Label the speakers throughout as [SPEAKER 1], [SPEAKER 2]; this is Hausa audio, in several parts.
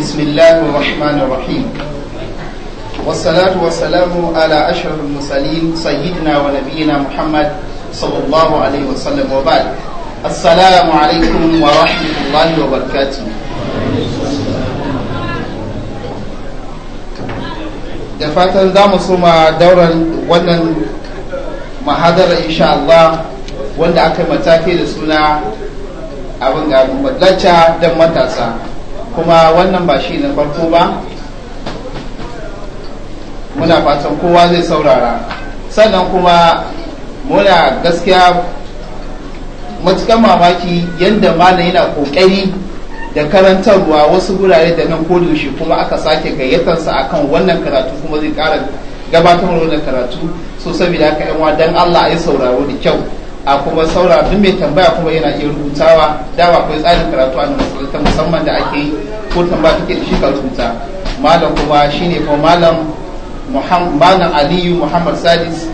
[SPEAKER 1] بسم الله الرحمن الرحيم والصلاة والسلام على أشرف المرسلين سيدنا ونبينا محمد صلى الله عليه وسلم وبعد السلام عليكم ورحمة الله وبركاته da fatan za mu suma daular wannan mahadara insha Allah wanda aka matake da suna abin ga lacca don matasa kuma wannan ba shi na farko ba muna fatan kowa zai saurara sannan kuma muna gaskiya matuƙan mamaki yadda na yana ƙoƙari da karantarwa wasu gurare da nan kodoshe kuma aka sake gayyatarsa akan wannan karatu kuma zai ƙara gabatar wannan karatu so saboda haka yan don Allah ya sauraro da kyau a kuma saura duk mai tambaya kuma yana iya rubutawa dama akwai tsarin karatu a ta musamman da ake yi ko tambaya take da shi ka rubuta malam kuma shine kuma malam malam aliyu muhammad sadis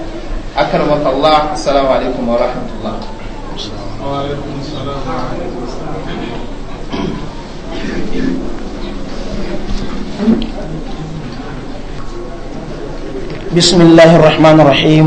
[SPEAKER 1] akarmaka allah assalamu alaikum wa rahmatullah
[SPEAKER 2] بسم الله الرحمن الرحيم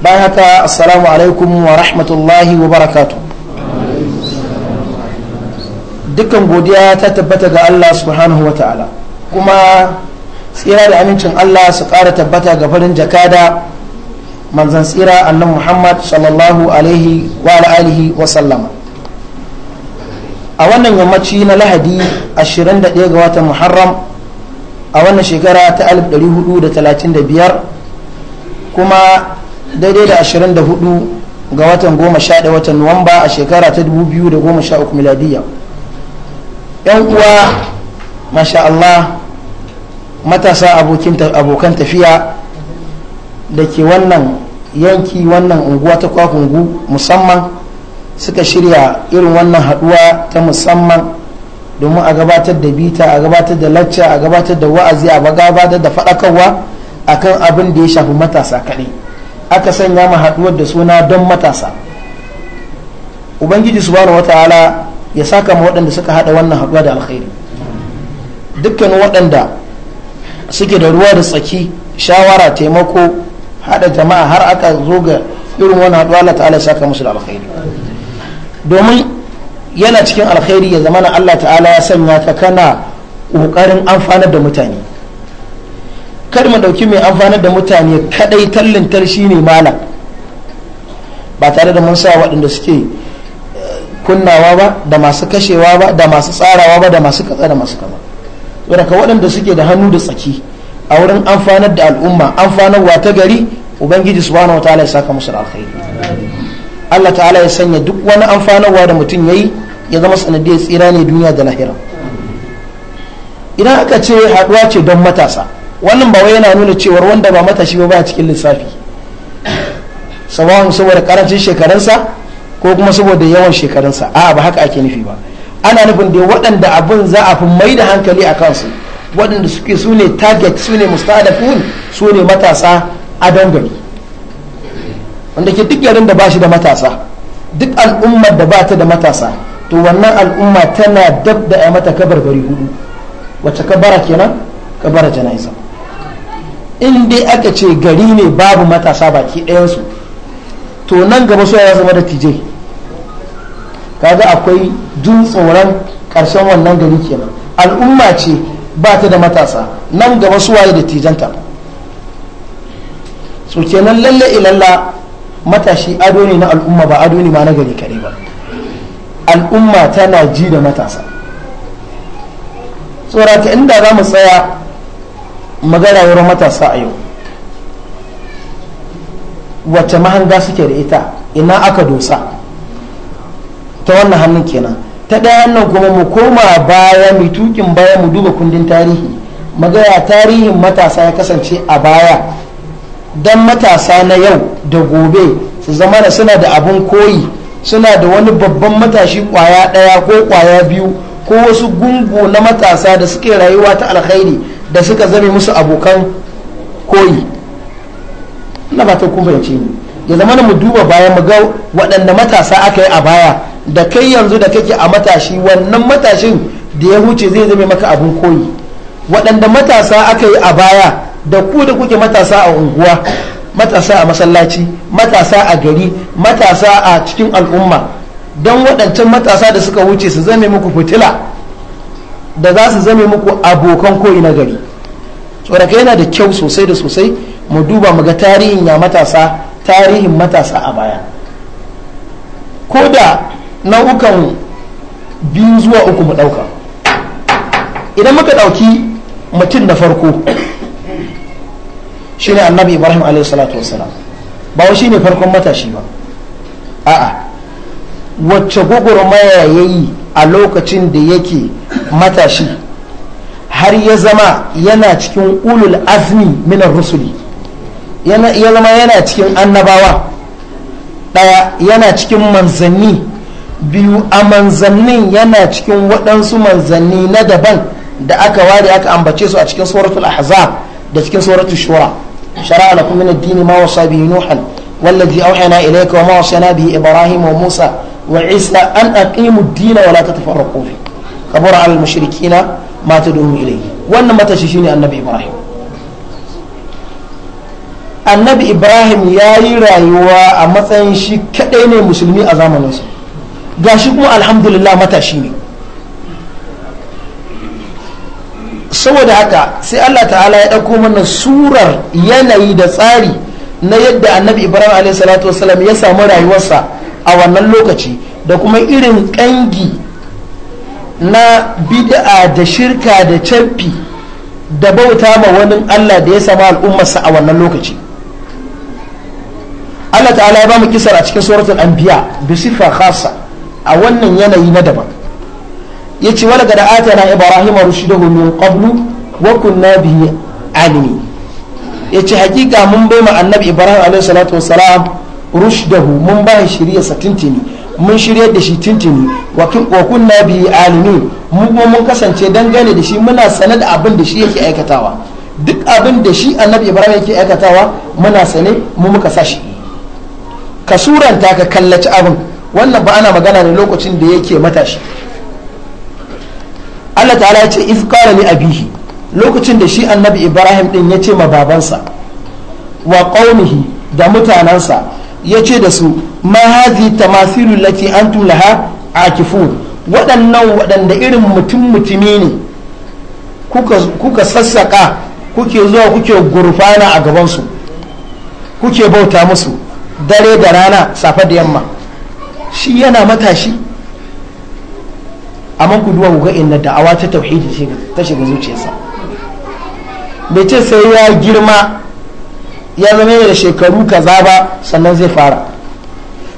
[SPEAKER 2] bayan haka assalamu alaikum wa rahmatullahi wa barakatu dukkan godiya ta tabbata ga Allah subhanahu wa ta'ala kuma tsira da amincin Allah su ƙara tabbata ga farin jakada manzan tsira annan Muhammad sallallahu alaihi wa alihi wa sallama a wannan yammaci na lahadi 21 ga watan muharram a wannan shekara ta 1435 kuma daidai da 24 ga watan 11 watan nuwamba a shekara ta 2013 miladiyya yan uwa masha Allah matasa abokan tafiya da ke wannan yanki wannan unguwa ta kwakungu musamman suka shirya irin wannan haduwa ta musamman domin a gabatar da bita a gabatar da lacca a gabatar da wa'azi a gabatar da faɗakarwa akan abin da ya shafi matasa kadai. aka sanya ma haduwar da suna don matasa ubangiji subhanahu wataala ya saka ma waɗanda suka hada wannan haduwa da alkhairi dukkan waɗanda suke da ruwa da tsaki shawara taimako hada jama'a har aka zo ga irin wannan haduwa Allah ta'ala ya saka musu da alkhairi domin yana cikin alkhairi ya zamana Allah ta'ala ya sanya ka kana ƙoƙarin amfanar da mutane kar mu ɗauki mai amfanar da mutane kadai tallintar shi ne malam ba tare da mun sa waɗanda suke eh, kunnawa ba da masu kashewa ba da masu tsarawa ba da masu katsa da masu kama saboda waɗanda suke da hannu da tsaki a wurin amfanar da al'umma amfanarwa ta gari ubangiji subhanahu wataala ya saka musu alkhairi Allah ta'ala ya sanya duk wani amfanarwa da mutum yayi ya zama sanadiyar tsira ne duniya da lahira idan aka ce haɗuwa ce don matasa wannan ba wai yana nuna cewar wanda ba matashi ba ba cikin lissafi sabon saboda karancin shekarunsa ko kuma saboda yawan shekarunsa a ba haka ake nufi ba ana nufin da waɗanda abin za a fi mai da hankali a kansu waɗanda suke su ne target su ne mustadafun su ne matasa a dangane wanda ke duk yarin da ba shi da matasa duk al'ummar da ba ta da matasa to wannan al'umma tana dab da ya mata kabarbari hudu wacce kabara kenan kabara jana'iza in dai aka ce gari ne babu matasa baki ɗayansu to nan gaba su ya zama da tije kaga akwai jin tsoron ƙarshen wannan gari kenan al'umma ce ba ta da matasa nan gaba su waye da tijanta so kenan lalle ilalla matashi ado ne na al'umma ba ado ne ma na gari kare ba al'umma tana ji da matasa tsorata inda za mu tsaya wurin matasa a yau wacce mahanga suke da ita ina aka dosa ta wannan hannun kenan ta ɗayan nan kuma mu koma baya mai tukin baya mu duba kundin tarihi magana tarihin matasa ya kasance a baya don matasa na yau da gobe su zama da suna da abin koyi suna da wani babban matashi kwaya ɗaya ko kwaya biyu ko wasu gungu na matasa da suke rayuwa ta alkhairi da suka zame musu abokan koyi na fatan kun fahimce ni ya zama mu duba baya mu ga waɗanda matasa aka yi a baya da kai yanzu da kake a matashi wannan matashin da ya huce zai zame maka abin koyi waɗanda matasa aka yi a baya da ku da kuke matasa a unguwa matasa a masallaci matasa a gari matasa a cikin al'umma don waɗancan matasa da suka wuce su zame muku fitila da za su zame muku abokan ko ina gari tsoraka yana da kyau sosai da sosai mu duba mu ga tarihin ya matasa tarihin matasa a baya ko da nau'ukan biyu zuwa uku mu ɗauka idan muka ɗauki mutum na farko shine annabi ibrahim alaihi ba shi ne farkon matashi ba a'a wacce gwagwarmaya ya yi a lokacin da yake matashi har ya zama yana cikin ulul azmi minar rusuli ya zama yana cikin annabawa ɗaya yana cikin manzanni biyu a manzannin yana cikin waɗansu manzanni na daban da aka ware aka ambace su a cikin suratul ahzab da cikin suratul shura shara'a lakum min ad-dini ma wasa bihi nuhan wallazi awhayna ilayka wa ma wasana bihi ibrahim wa musa وعيسى أن أقيموا الدين ولا تتفرقوا فيه كبر على المشركين ما تدعون إليه وأن ما تشيشيني النبي إبراهيم annabi ibrahim ya yi rayuwa a matsayin shi kadai ne musulmi a zamaninsa ga shi kuma alhamdulillah matashi ne saboda haka sai allah ta'ala ya ɗauko mana surar yanayi da tsari na yadda annabi ibrahim a.s.w. ya samu rayuwarsa a wannan lokaci da kuma irin ƙangi na bid'a da shirka da camfi da bauta ma wani Allah da ya sama al'ummarsa a wannan lokaci Allah ta'ala ya ba mu kisar a cikin suratul anbiya bi sifa khassa a wannan yanayi na daban yace wala gada atana ibrahima rushdahu min qablu wa kunna bihi alimi yace hakika mun bai ma annabi ibrahim alaihi salatu wassalam rushdahu mun ba shi shirya sa tintini mun shirya da shi tintini wa kunna bi alimin mu kuma mun kasance dangane da shi muna sanar da abin da shi yake aikatawa duk abin da shi annabi ibrahim yake aikatawa muna sane mu muka sashi. ka suranta ka kallaci abin wannan ba ana magana ne lokacin da yake matashi Allah ta'ala ya ce if qala li abihi lokacin da shi annabi ibrahim din ya ce ma babansa wa qaumihi da mutanansa ya ce da su ma hazi tamasilu lati antum a kifu waɗannan waɗanda irin mutum mutumi ne kuka sassaƙa kuke zuwa kuke gurfana a gabansu kuke bauta musu dare da rana safe da yamma shi yana matashi amma ku duwa ga inda da'awa ta tauhidi ta shiga zuciyarsa bai ce sai ya girma ya zama da shekaru kaza ba sannan zai fara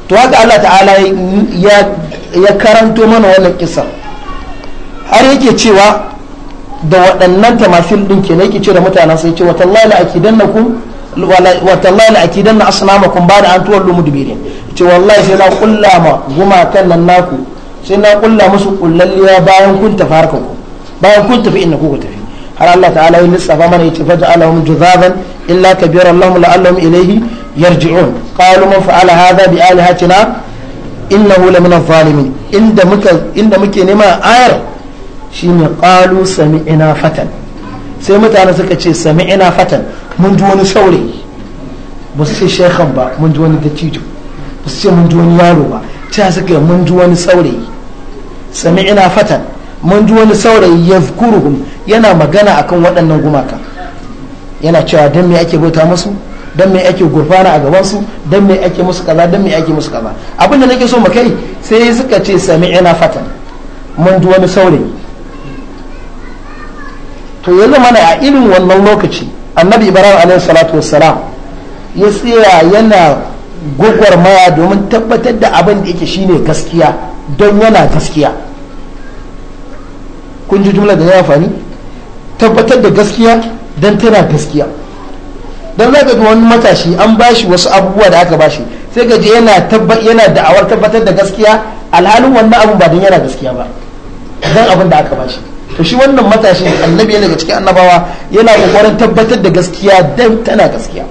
[SPEAKER 2] to haka Allah ta'ala ya karanto mana wannan kisa har yake cewa da waɗannan tamasil ɗin ke yake ce da mutanen sai ce watallahi la'akidannakum watallahi la'akidanna asnamakum ba da an tuwallu mudbirin ce wallahi sai na kulla ma guma kan nan naku sai na kulla musu kullalliya bayan kun tafi harkar ku bayan kun tafi inda ku tafi har Allah ta'ala ya lissafa mana ya ce faja'alahum juzaban إلا كبيرا لهم لعلهم إليه يرجعون قالوا من فعل هذا بآلهتنا إنه لمن الظالمين عند مك عند مك نما آير شين قالوا سمعنا فتى sai mutane suka ce sami ina fatan mun ji wani saurayi ba su ce shekhan ba mun ji wani ba su ce mun ji wani ba ta suka mun ji wani sami ina fatan mun ji wani saurayi ya yana magana akan waɗannan gumaka yana cewa don me ake bauta musu don me ake gurfana a gabansu su dan me ake musu kaza don me ake musu kaza abin da nake so mu kai sai suka ce sami ina fatan mun ji wani saurin. to yanzu mana a irin wannan lokaci annabi ibrahim alaihi salatu wassalam ya tsaya yana gwagwarmaya domin tabbatar da abin da yake shine gaskiya don yana gaskiya kun ji jumla da ya fani tabbatar da gaskiya don tana gaskiya don za ka ga wani matashi an bashi wasu abubuwa da aka bashi sai ka yana da'awar tabbatar da gaskiya alhalin wannan abu ba don yana gaskiya ba don abin da aka bashi to shi wannan matashi annabi yana daga cikin annabawa yana kokarin tabbatar da gaskiya don tana gaskiya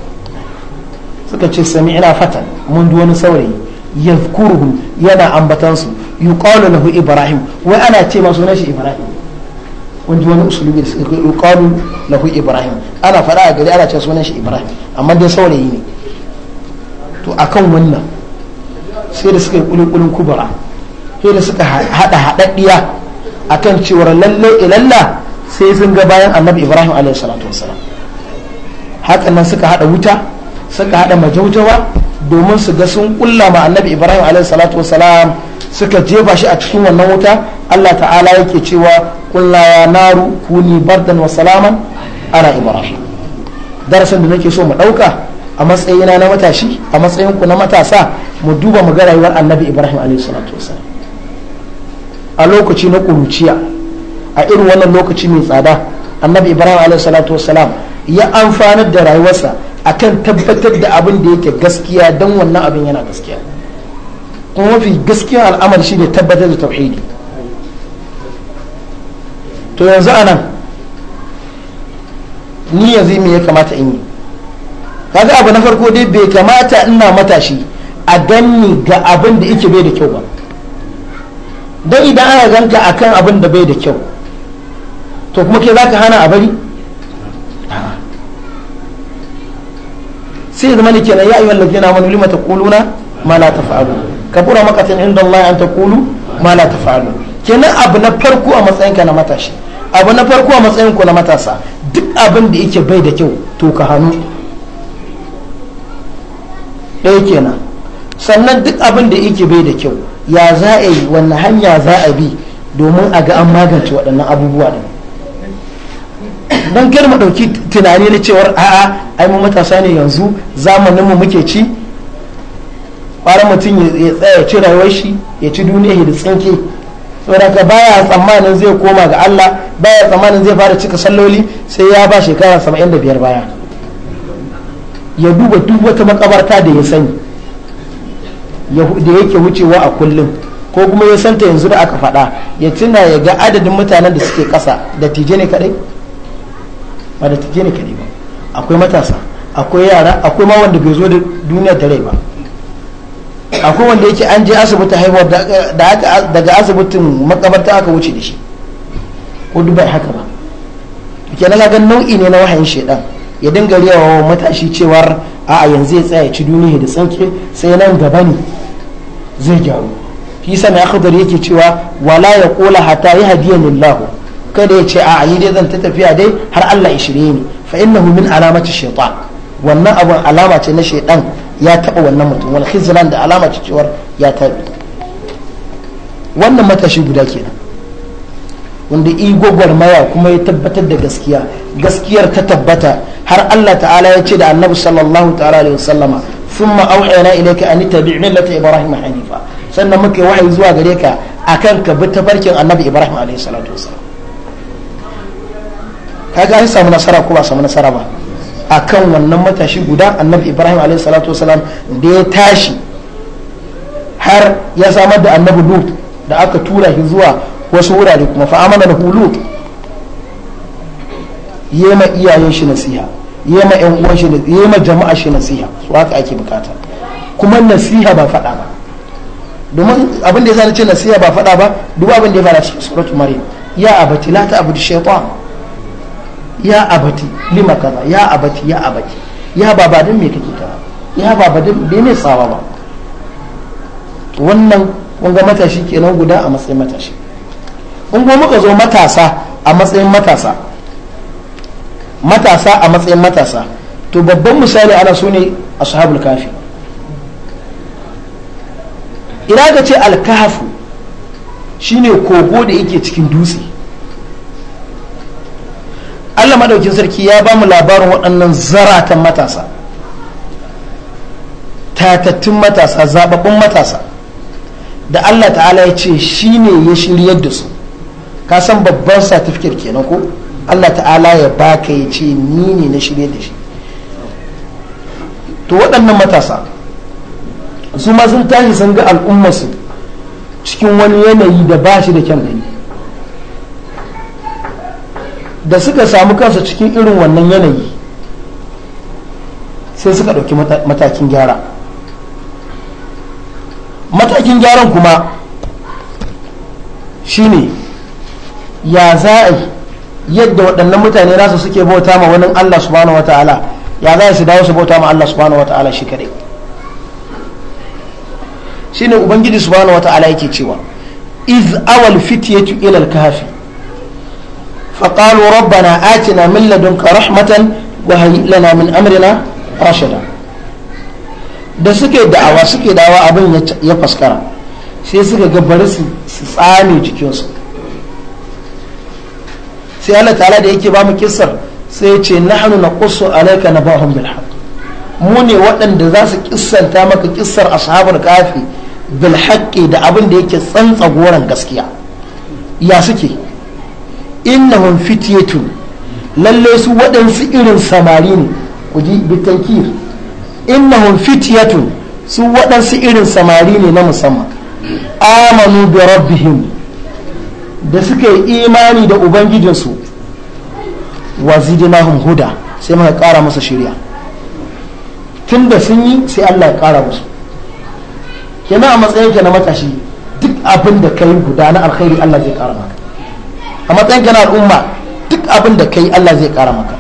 [SPEAKER 2] suka ce sami ina fatan mun wani saurayi yadhkuruhum yana ambatansu yuqalu lahu ibrahim wai ana ce masu nashi ibrahim kun ji wani usulubi da suka kai na lahu ibrahim ana faɗa a gari ana cewa sunan shi ibrahim amma dai saurayi ne to akan wannan sai da suka yi kulikulin kubara sai da suka hada a akan cewar lalle ilalla sai sun ga bayan annabi ibrahim alaihi salatu wassalam hakan nan suka haɗa wuta suka hada majaujawa domin su ga sun kulla ma annabi ibrahim alaihi salatu suka jefa shi a cikin wannan wuta Allah ta'ala yake cewa kulla ya naru kuni bardan wa salaman ana ibrahim darasin da nake so mu dauka a matsayina na matashi a matsayin ku na matasa mu duba mu ga rayuwar annabi ibrahim alaihi salatu a lokaci na kuruciya a irin wannan lokaci mai tsada annabi ibrahim alaihi salatu ya amfanar da rayuwarsa akan tabbatar da abin da yake gaskiya dan wannan abin yana gaskiya kuma mafi gaskiya al'amari shi ne tabbatar da tauhidi to yanzu a nan ni yanzu me ya kamata in yi kaga abu na farko dai bai kamata ina matashi a ganni ga abin da yake bai da kyau ba don idan ana ganka kan abin da bai da kyau to kuma ke ka hana a bari sai zama ne kenan ya yi wallafi na amanu kulu na ma la taf'alun kabura makatin inda Allah an ta kulu ma la tafalu kenan abu na farko a matsayin ka na matashi abu na farko a matsayin ku na matasa duk abin da yake bai da kyau to ka hannu ɗaya kenan sannan duk abin da yake bai da kyau ya za a yi wannan hanya za a bi domin a ga an magance waɗannan abubuwa ɗin don kar mu ɗauki tunani na cewar a'a ai mu matasa ne yanzu zamaninmu muke ci ƙwarar mutum ya tsaya ci rayuwar shi ya ci duniya da tsinke saboda baya tsammanin zai koma ga Allah baya tsammanin zai fara cika salloli sai ya ba shekara 75 baya ya duba duk wata makabarta da ya sani da yake wucewa a kullum ko kuma ya santa yanzu da aka faɗa ya tuna ya ga adadin mutanen da suke kasa da tije ne kaɗai ba da tije ne kaɗai ba akwai matasa akwai yara akwai ma wanda bai zo da duniya da rai ba akwai wanda yake an je asibiti haihuwar daga asibitin makabarta aka wuce da shi ko dubai haka ba ke na ga nau'i ne na wahayin shaidan ya dinga riyawa wa matashi cewar a'a yanzu ya tsaya ci duniya da tsanke sai nan gaba ne zai gyaru shi sa mai akhdar yake cewa wala ya kola hata ya hadiyan lillahu kada ya ce a ni dai zan ta tafiya dai har Allah ya shirye ni fa innahu min alamati shaitan wannan abun alama ce na shaidan ya taɓa wannan mutum wani khizlan da alama cewar ya taɓa wannan matashi guda kenan wanda igogwar maya kuma ya tabbatar da gaskiya gaskiyar ta tabbata har Allah ta'ala ya ce da annabi sallallahu ta'ala alaihi wasallama thumma auhayna ilayka an tabi' millata ibrahim hanifa sannan muke wahayi zuwa gare ka akan ka bi tafarkin annabi ibrahim alaihi salatu wasallam kaga an samu nasara ko ba samu nasara ba akan wannan matashi guda annabi ibrahim alaihi salatu wasalam da ya tashi har ya samar da annabi lut da aka tura shi zuwa wasu wurare kuma fa da lahu lut yema iyayen shi nasiha yema yan uwan shi yema jama'a shi nasiha su haka ake bukata kuma nasiha ba fada ba domin abin da ya zana ce nasiha ba fada ba duk abin da ya fara cikin suratul maryam ya abati la ta'budu shaytan ya abati lima kaza ya abati ya abati ya babadin me kake ta ya babadin dan bai tsawa ba wannan kun ga matashi kenan guda a matsayin matashi kun ga muka zo matasa a matsayin matasa matasa a matsayin matasa to babban misali ana so ne ashabul kafi ina ga ce alkahafu shine kogo da yake cikin dutse Allah madaukin sarki ya ba mu labarin waɗannan zaratan matasa tatattun matasa zababbun matasa da Allah ta'ala ya ce shi ne ya shiryar da su ka san babban satifiket kenan ko Allah ta'ala ya baka ya ce ni ne na shirye da shi to waɗannan matasa su ma sun tashi sun ga al'ummarsu cikin wani yanayi da ba shi da kyan gani da suka samu kansu cikin irin wannan yanayi sai suka ɗauki matakin gyara matakin gyaran kuma shine ya za a yadda waɗannan mutane nasu suke bauta ma wani Allah subhanahu wata'ala ya za su dawo su bauta ma Allah subhanahu wata'ala shi kadai shine ubangiji subhanahu wata'ala yake cewa iz awal fityatu ila al-kahfi فقالوا ربنا آتنا من لدنك رحمة وهي لنا من أمرنا رشدا da suke da'awa suke da'awa abin ya faskara sai suka ga bari su tsame jikinsu sai Allah ta'ala da yake ba mu kissar sai ya ce nahnu na alayka alaika na haqq mu ne waɗanda za su kissanta maka kissar ashabar kafi bil da abin da yake tsantsa goron gaskiya ya suke innahum fityatun lalle su waɗansu irin samari ne ku ji bitankir innahum fityatun su waɗansu irin samari ne na musamman amanu bi rabbihim da suka yi imani da ubangijinsu wa zidnahum huda sai muka ƙara musu shirya da sun yi sai Allah ya ƙara musu kenan a matsayinka na matashi duk abin da kai guda na alkhairi Allah zai ƙara maka a matsayin kana al'umma duk abin da kai Allah zai kara maka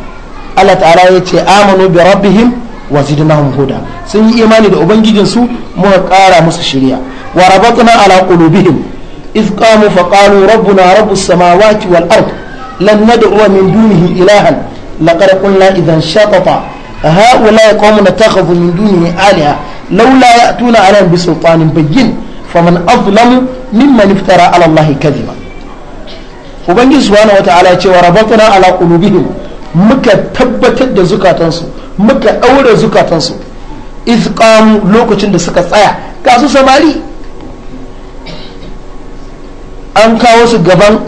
[SPEAKER 2] Allah ta'ala ya ce amanu bi rabbihim wa zidnahum huda sun yi imani da ubangijin su muka kara musu shiriya wa rabatna ala qulubihim iz qamu fa qalu rabbuna rabbus samawati wal ard lan nad'u min dunihi ilahan laqad qulna idhan shatata هؤلاء قوم اتخذوا من دونه آلهة لولا يأتون عليهم بسلطان بين فمن أظلم ممن افترى على الله كذبا ubangiji subhanahu wataala ya ce wa rabatuna ala qulubihim muka tabbatar da zukatansu muka daure zukatansu iz lokacin da suka tsaya ga su samari an kawo su gaban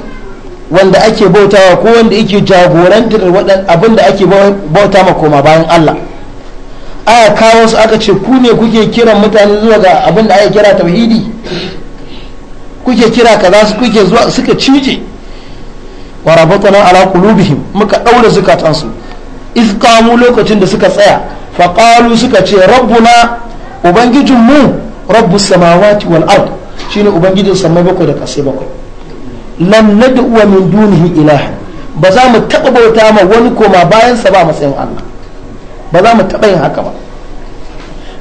[SPEAKER 2] wanda ake bautawa ko wanda yake jagorantar abin da ake bauta ma koma bayan Allah aya kawo su aka ce ku ne kuke kiran mutane zuwa ga abin da ake kira tauhidi kuke kira kaza su kuke zuwa suka cije wa rabatana ala qulubihim muka daura zukatansu iz qamu lokacin da suka tsaya fa suka ce rabbuna ubangijin mu rabbus samawati wal ard shine ubangijin samai bakwai da kasai bakwai lan nad'u min dunihi ilaha ba za mu taba bauta ma wani koma bayan sa ba matsayin Allah ba za mu taba yin haka ba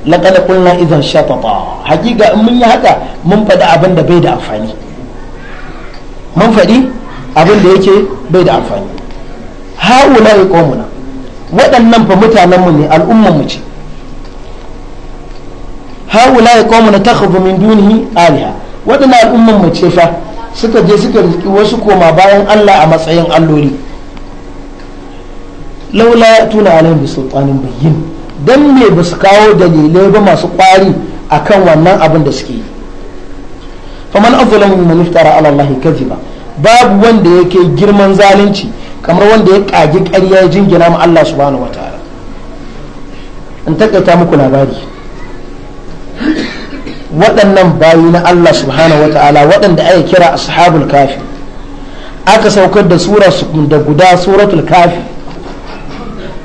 [SPEAKER 2] laqad qulna idan shatata hakika in mun yi haka mun faɗi abin da bai da amfani mun faɗi abin da yake bai da amfani haula ya komuna waɗannan fa mutanenmu ne al'ummanmu ce haula ya komuna ta min dunihi aliha waɗannan al'ummanmu ce fa suka je suka riƙi wasu koma bayan allah a matsayin alloli laula ya tuna alayhim bi sultanin bayyin dan me ba su kawo dalilai ba masu kwari akan wannan abin da suke yi faman azlamu min iftara ala allahi kadhiba babu wanda yake girman zalunci kamar wanda ya kage ƙarya ya jingina ma Allah subhanahu ta'ala in takaita muku labari waɗannan bayi na Allah subhanahu ta'ala waɗanda ake kira ashabul kafi aka saukar da sura da guda suratul kafi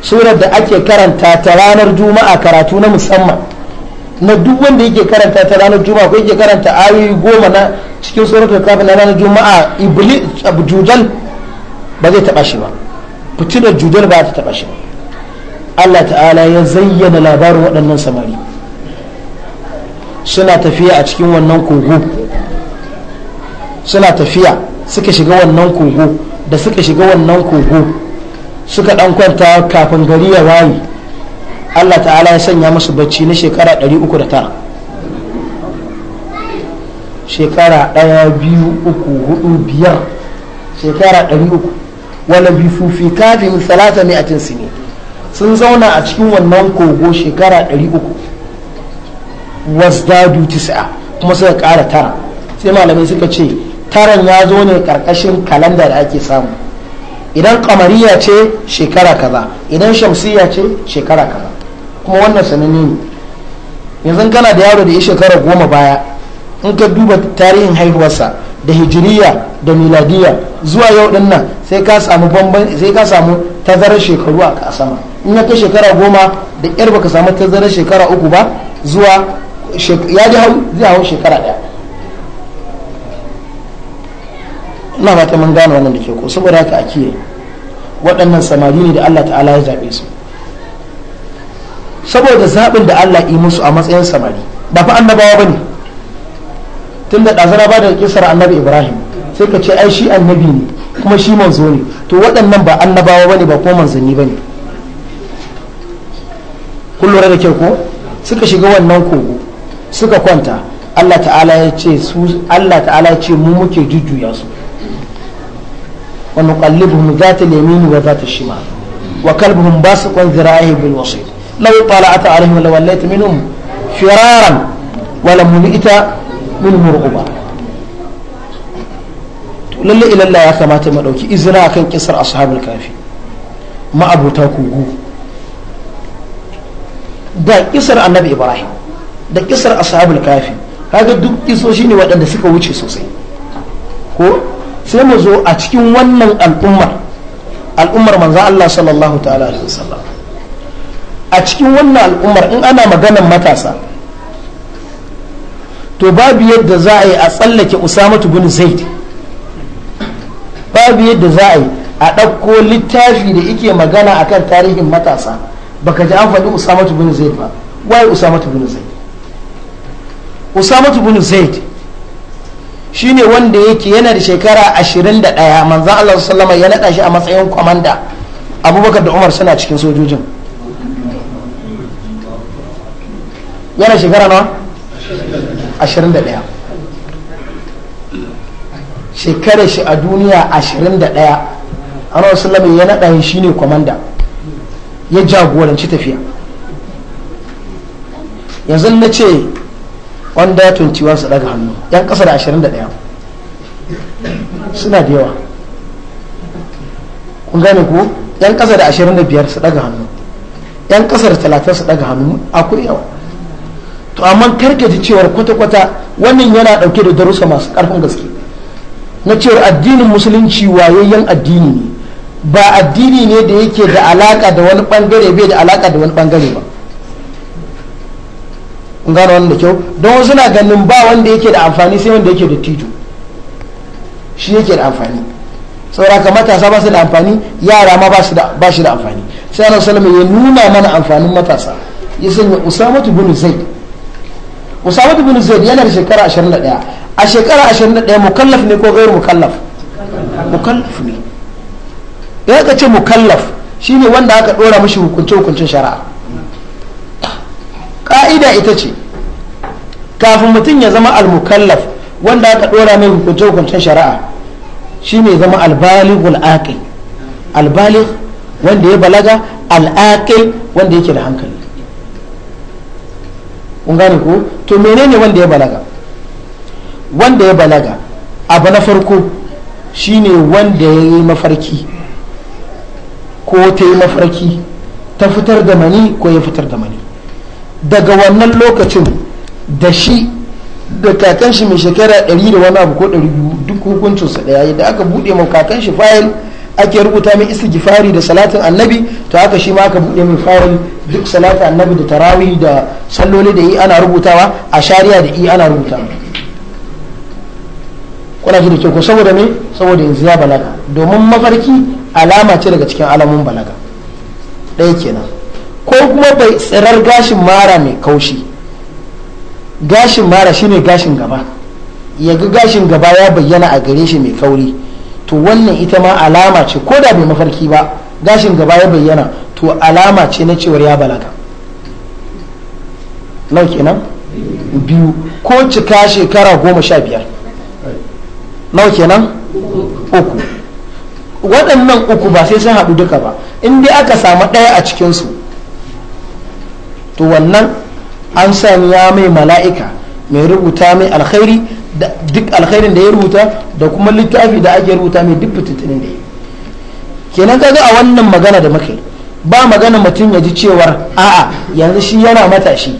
[SPEAKER 2] surar da ake karanta ta ranar juma'a karatu na musamman na duk wanda yake karanta ta ranar juma'a ko yake karanta ayoyi goma na cikin suratul kafin na ranar juma'a iblis judal ba zai taba shi ba fitinar judal ba ta taba shi ba Allah ta'ala ya zayyana labarin waɗannan samari suna tafiya a cikin wannan kogo suna tafiya suka shiga wannan kogo da suka shiga wannan kogo suka ɗan kwanta kafin gari ya waye Allah ta'ala ya sanya musu bacci na shekara 309 shekara ɗaya biyu uku hudu biyar shekara ɗari uku wani bifufi kafin salata mai atin sini sun zauna a cikin wannan kogo shekara ɗari uku wasdadu tis'a kuma suka ƙara tara sai malamai suka ce taran ya zo ne ƙarƙashin kalanda da ake samu idan kamariya ce shekara kaza idan shamsiya ce shekara kaza kuma wannan sananne yanzu kana da yaro da ya shekara goma baya in ka duba tarihin haihuwarsa da hijiriya da miladiya zuwa yau din nan sai ka samu bamban sai ka samu tazarar shekaru a sama in ya kai shekara goma da yar baka samu tazarar shekara uku ba zuwa ya ji hau zai hau shekara daya ina fata mun gane wannan da ke ko saboda haka a kiyaye waɗannan samari ne da Allah ta'ala ya zaɓe su saboda zaɓin da Allah yi musu a matsayin samari ba fa annabawa ne. tun da ɗazara ba da kisar annabi ibrahim sai ka ce ai shi annabi ne kuma shi manzo ne to waɗannan ba annabawa ba ne ba kuma manzanni ba ne kun da kyau ko suka shiga wannan kogo suka kwanta allah ta'ala ya ce su allah ta'ala ya ce mu muke jujjuya su wa nuqallibuhum zata al-yamin wa zata shimal wa kalbuhum basiqun dhira'ihi bil wasit law tala'ata alaihim lawallayta minhum firaran wa ita. minhu ru'uba to lalle ilalla ya kamata mu dauki izina akan kisar ashabul kafi ma'abuta kogo da kisar annabi ibrahim da kisar ashabul kafi kaga duk kisoshi ne waɗanda suka wuce sosai ko sai mu zo a cikin wannan al'ummar al'ummar manzo Allah sallallahu ta'ala alaihi wasallam a cikin wannan al'ummar in ana maganar matasa to babu yadda za a yi a tsallake usamatu bin zaid babu yadda za a yi a ɗauko littafi da ike magana akan tarihin matasa baka ji an faɗi usamatu bin zaid ba wai usamatu bin zaid usamatu bin zaid shine wanda yake yana da shekara 21 manzan Allah sallama ya naɗa shi a matsayin kwamanda abubakar da umar suna cikin sojojin yana shekara nawa 21 shekarar shi a duniya 21 ana wasu ya naɗa shi ne kwamanda ya jagoranci tafiya yanzu na ce wanda 21 su daga hannu yan ƙasa da 21 suna da yawa kun gane ko yan ƙasa da 25 su daga hannu yan ƙasa da 30 su daga hannu akwai yawa to amma karka ji cewar kwata-kwata wannan yana dauke da darussa masu karfin gaske na cewar addinin musulunci wayayyen addini ne ba addini ne da yake da alaka da wani bangare bai da alaka da wani bangare ba gano wannan da kyau don wasu na ganin ba wanda yake da amfani sai wanda yake da titu shi yake da amfani ka matasa ba su da amfani yara ma ba shi da amfani sai ana salama ya nuna mana amfanin matasa ya sanya usamatu bin zaid usama bin zaid yana da shekara 21 a shekara 21 mukallaf ne ko gair mukallaf mukallaf ne ya ka ce mukallaf shine wanda aka dora mashi hukunce hukuncin shari'a ka'ida ita ce kafin mutum ya zama al-mukallaf wanda aka dora mai hukunce hukuncen shari'a shine zama al-balighul aqil al-baligh wanda ya balaga al-aqil wanda yake da hankali kun gane ku to menene wanda ya balaga wanda ya balaga abu na farko shine wanda ya yi mafarki ko ta yi mafarki ta fitar da mani ko ya fitar da mani daga wannan lokacin da shi da kakan mai shekara 100 da wani abu ko 200 duk hukuncinsa daya da aka buɗe ma kakan fayil ake rubuta min istighfari da salatin annabi to haka shi ma aka buɗe min fayil duk salatin annabi da tarawih da salloli da yi ana rubutawa a shari'a da yi ana rubutawa kuna ji da ke ko saboda me saboda yanzu ya balaga domin mafarki alama ce daga cikin alamun balaga ɗaya kenan ko kuma bai tsirar gashin mara mai kaushi gashin mara shine gashin gaba ya ga gashin gaba ya bayyana a gare shi mai kauri to wannan ita ma alama ce ko da bai mafarki ba gashin gaba ya bayyana to alama ce na cewar ya balaga nau kenan biyu ko cika shekara goma sha biyar nau kenan uku waɗannan uku ba sai sun haɗu duka ba in dai aka samu ɗaya a cikinsu to wannan an sami ya mai mala'ika mai rubuta mai alkhairi duk alkhairin da ya rubuta da kuma littafi da ake rubuta mai duk fitattunin da ya kenan kaga a wannan magana da muka ba magana mutum ya ji cewar a'a yanzu shi yana matashi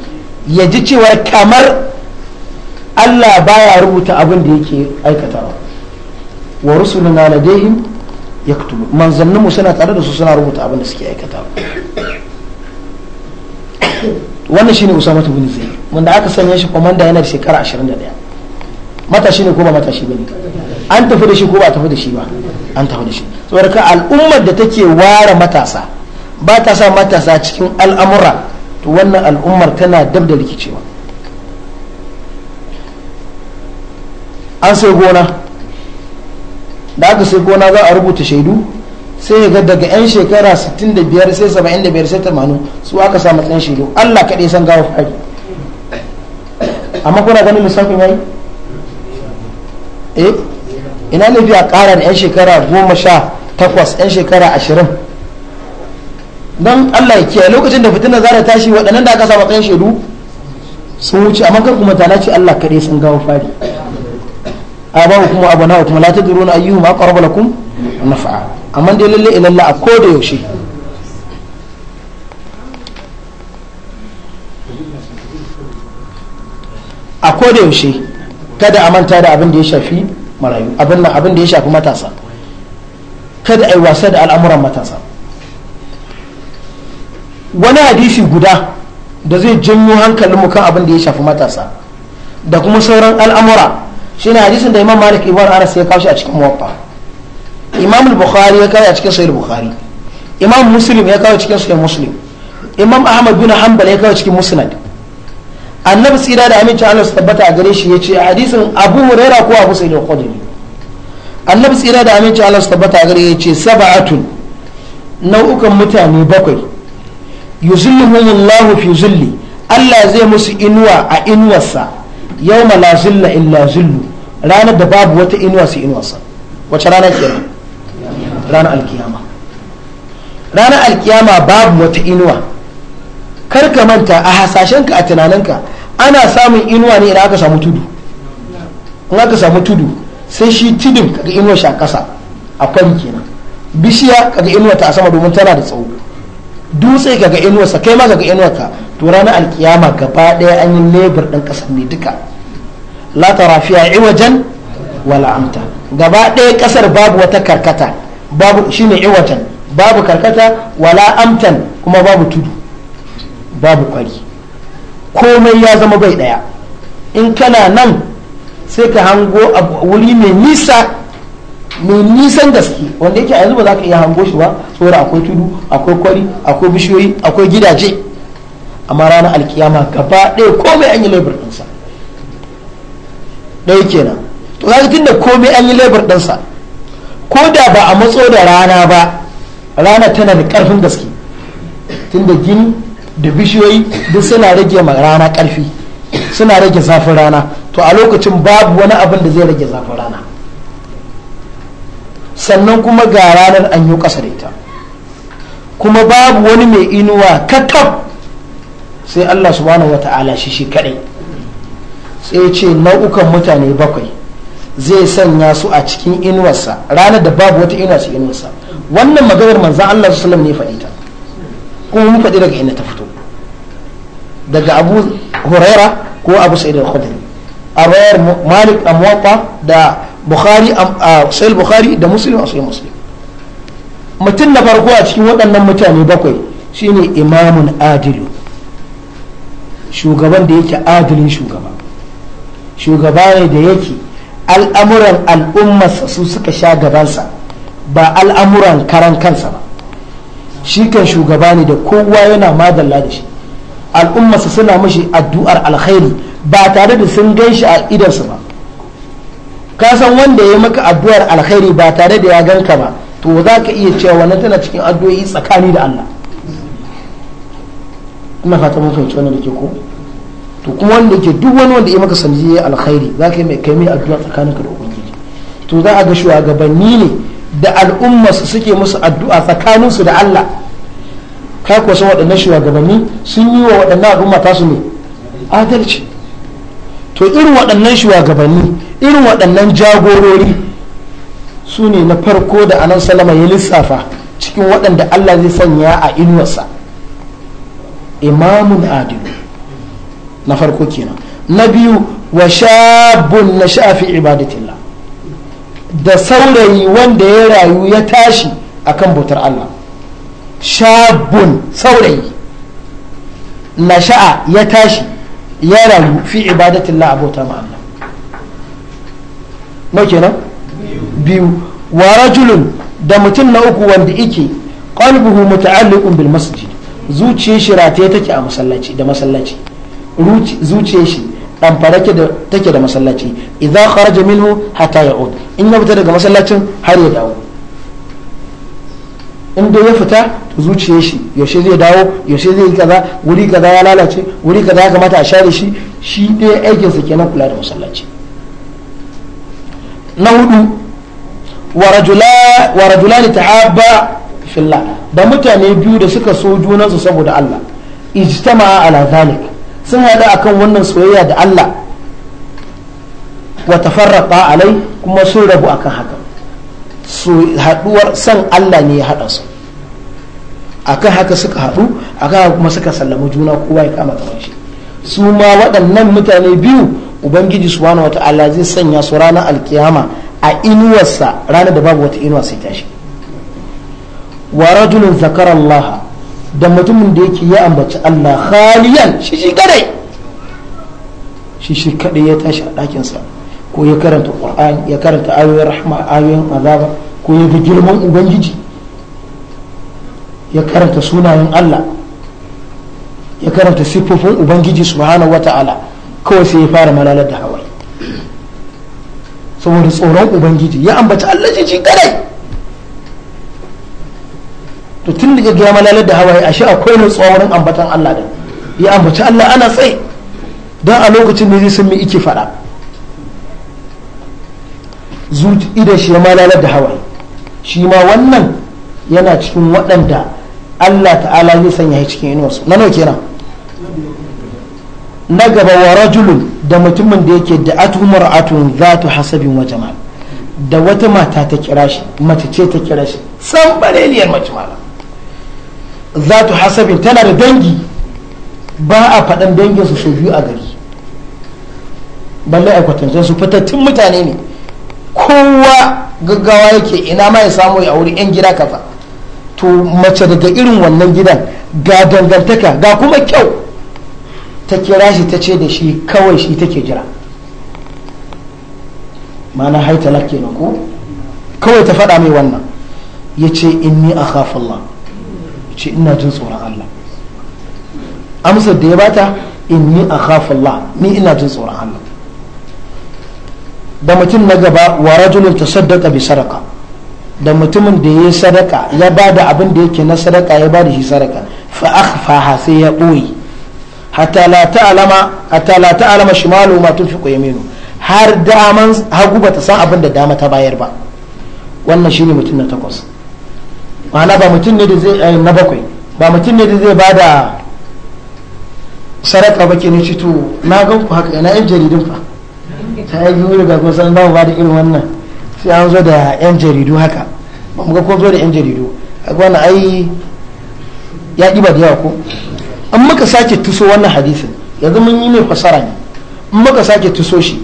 [SPEAKER 2] ya ji cewar kamar Allah baya rubuta abin da yake aikatawa wa rusuluna ya yaktubu manzanninmu suna tare da su suna rubuta abin da suke aikatawa wannan shine Usama ibn zai wanda aka sanya shi komanda yana da shekara 21 matashi ne ko ba matashi ba ne an tafi da shi ko ba tafi da shi ba an tafi da shi ka al'ummar da take ware matasa ba ta sa matasa cikin al'amura to wannan al'ummar tana dab da rikicewa an sai gona da aka sai gona za a rubuta shaidu sai ya ga daga 'yan shekara 65 sai 75 sai 80 su aka samu matsayin shaidu allah kaɗai san gawa fari amma kuna ganin lissafin yayi Eh? ina laifi a ƙara da 'yan shekara goma sha takwas 'yan shekara ashirin don allah ya kiyaye lokacin da fitina za ta tashi waɗannan da aka sa matsayin shaidu sun wuce amma kar kuma tana ce allah kaɗai sun gawo fari a ba kuma abu na kuma lati duru na ayyuhu ma ƙwarba lakum fa'a amma dai lalle ilalla a ko da yaushe a ko da yaushe kada a manta da abin da ya shafi marayu abin abin da ya shafi matasa kada a yi wasa da al'amuran matasa wani hadisi guda da zai janyo hankalinmu kan abin da ya shafi matasa da kuma sauran al'amura shine hadisin da imam malik ibn anas ya kawo shi a cikin muwaffa imam bukhari ya kawo a cikin sahih bukhari imam muslim ya kawo cikin sahih muslim imam ahmad bin hanbal ya kawo cikin musnad annabi tsira da amincin Allah su tabbata a gare shi ya ce a hadisin abu huraira ko abu sai da khudri annabi tsira da amincin Allah su tabbata a gare ya ce sab'atun nau'ukan mutane bakwai yuzilluhumullahu fi zulli Allah zai musu inuwa a inuwarsa ma la zilla illa zullu ranar da babu wata inuwa su inuwarsa wace rana kenan ranar alkiyama ranar alkiyama babu wata inuwa kar ka manta a hasashenka a tunaninka ana samun inuwa ne idan aka samu tudu in aka samu tudu sai shi tudun kaga inuwa shi a ƙasa a kwari kenan bishiya kaga inuwa ta a sama domin tana da tsawo dutse kaga inuwa sa kai ma kaga inuwa ka to ranar alkiyama gaba ɗaya an yi lebur ɗin ƙasar ne duka la tara fiya iwajan wala amta gaba ɗaya ƙasar babu wata karkata babu shine iwajan babu karkata wala amtan kuma babu tudu babu kwari komai ya zama bai daya in kana nan sai ka hango wuri mai nisa mai nisan gaske wanda yake a yanzu ba za ka iya hango shi ba saboda akwai tudu akwai kwari akwai bishiyoyi akwai gidaje amma ranar alkiyama gaba ɗaya komai an yi labar ɗinsa ɗaya kenan to za tun da komai an yi labar ɗinsa ko da ba a matso da rana ba rana tana da ƙarfin gaske da gini da bishiyoyi duk suna rage ma rana karfi suna rage zafin rana to a lokacin babu wani abin da zai rage zafin rana sannan kuma ga ranar an yi kasa da ita kuma babu wani mai inuwa katab sai Allah subhanahu wa ta'ala shi shi kadai sai ce nau'ukan mutane bakwai zai sanya su a cikin inuwarsa ranar da babu wata inuwa su inuwarsa wannan maganar manzan Allah su ne faɗi ta kuma mu faɗi daga ina ta fito daga abu huraira ko abu sa'id al-khudri a malik a muwatta da bukhari a bukhari da muslim a sahih muslim mutum na farko a cikin waɗannan mutane bakwai shine imamun adilu shugaban da yake adilin shugaba shugaba ne da yake al'amuran al'ummarsa su suka sha gabansa ba al'amuran karan kansa ba shi kan shugaba ne da kowa yana madalla da shi al'ummarsa suna mashi addu'ar alkhairi ba tare da sun gan shi a idansu ba ka san wanda ya maka addu'ar alkhairi ba tare da ya ganka ba to za ka iya cewa wannan tana cikin addu'o'i tsakani da Allah ina fata mun fahimci wannan da ke ko to kuma wanda ke duk wani wanda ya maka sanji alkhairi za ka yi mai kai mai addu'a tsakanin ka da ubangiji to za a ga shugabanni ne da al'umma suke musu addu'a tsakaninsu da Allah Ka kuwa san waɗannan shugabanni sun yi wa waɗannan al'umma su ne adalci to irin waɗannan shugabanni irin waɗannan jagorori su ne na farko da anan salama ya lissafa cikin waɗanda Allah zai sanya a inuwarsa imamun adilu na farko kenan na biyu wa shabun na shafi ibadatillah da saurayi wanda ya rayu ya tashi akan bautar Allah shabun saurayi nasha'a ya tashi ya rayu fi ibadatin la abota no kenan biyu wa rajulun da mutum na uku wanda ike qalbuhu muta'alliqun bil masjid zuciyar shi rataye take a masallaci da masallaci zuciyar shi damfara take da masallaci idan kharaja minhu hatta ya'ud in ya fita daga masallacin har ya dawo in dai ya fita to zuciyar shi yaushe zai dawo yaushe zai yi kaza wuri kaza ya lalace wuri kaza ya kamata a share shi shi dai sa kenan kula da masallaci na hudu wa rajulani ta'abba fillah da mutane biyu da suka so junansu saboda Allah ijtama ala zalik sun hada akan wannan soyayya da Allah wa tafarraqa alai kuma sun rabu akan haka su haduwar san Allah ne ya hada su akan haka suka hadu akan haka kuma suka sallama juna kowa ya kama kamar shi su ma waɗannan mutane biyu ubangiji subhanahu wata'ala zai sanya su ranar alkiyama a inuwarsa ranar da babu wata inuwa sai tashi wa rajulun zakara Allah da mutumin da yake ya ambaci Allah haliyan shi shi kadai shi shi kadai ya tashi a ɗakinsa ko ya karanta qur'ani ya karanta ayoyin rahma ayoyin azaba ko ya ga girman ubangiji ya karanta sunayen Allah ya karanta siffofin ubangiji subhanahu wata'ala kawai sai ya fara malalar da hawaye saboda tsoron ubangiji ya ambaci Allah jijji kadai to tun da ya malalar da hawaye ashe akwai ne tsoron ambatan Allah da ya ambaci Allah ana tsaye don a lokacin da zai san me ike faɗa idan shi ya malalar da hawaye shi ma wannan yana cikin waɗanda Allah ta'ala zai sanya ya cikin inuwarsu na nauke na na gaba wa rajulun da mutumin da yake da atumar atun za ta hasabin wa jama'a da wata mata ta kira shi mace ce ta kira shi san baleliyar mace mala za ta hasabin tana da dangi ba a faɗan dangin su biyu a gari balle kwatancin su fitattun mutane ne kowa gaggawa yake ina ma ya samu ya aure 'yan gida kafa to mace daga irin wannan gidan ga dangantaka ga kuma kyau ta kira shi ta ce da shi kawai shi take jira mana haita lakke na ko kawai ta faɗa mai wannan ya ce inni a Allah ya ce ina jin tsoron Allah amsar da ya bata inni a Allah ni ina jin tsoron Allah da mutum na gaba wa rajulun tasaddaqa bi sadaka da mutumin da yayi sadaka ya ba da abin da yake na sadaka ya bada shi sadaka fa akhfaha sai ya boye hatta la ta'lama hatta la ta'lama shimalu ma tunfiqu yaminu har daman hagu ba ta san abin da dama ta bayar ba wannan shine mutum na takwas ma'ana ba mutum ne da zai eh, na bakwai ba mutum ne da zai ba da sadaka ba ke ne cito na gan ku haka ina yan jaridun fa ta yi biyu daga kun san ba mu ba da irin wannan sai an zo da yan jaridu haka ba mu ga ko zo da yan jaridu a gwana ai ya ɗiba da yawa ko an muka sake tuso wannan hadisin yanzu mun yi mai fasara ne in muka sake tuso shi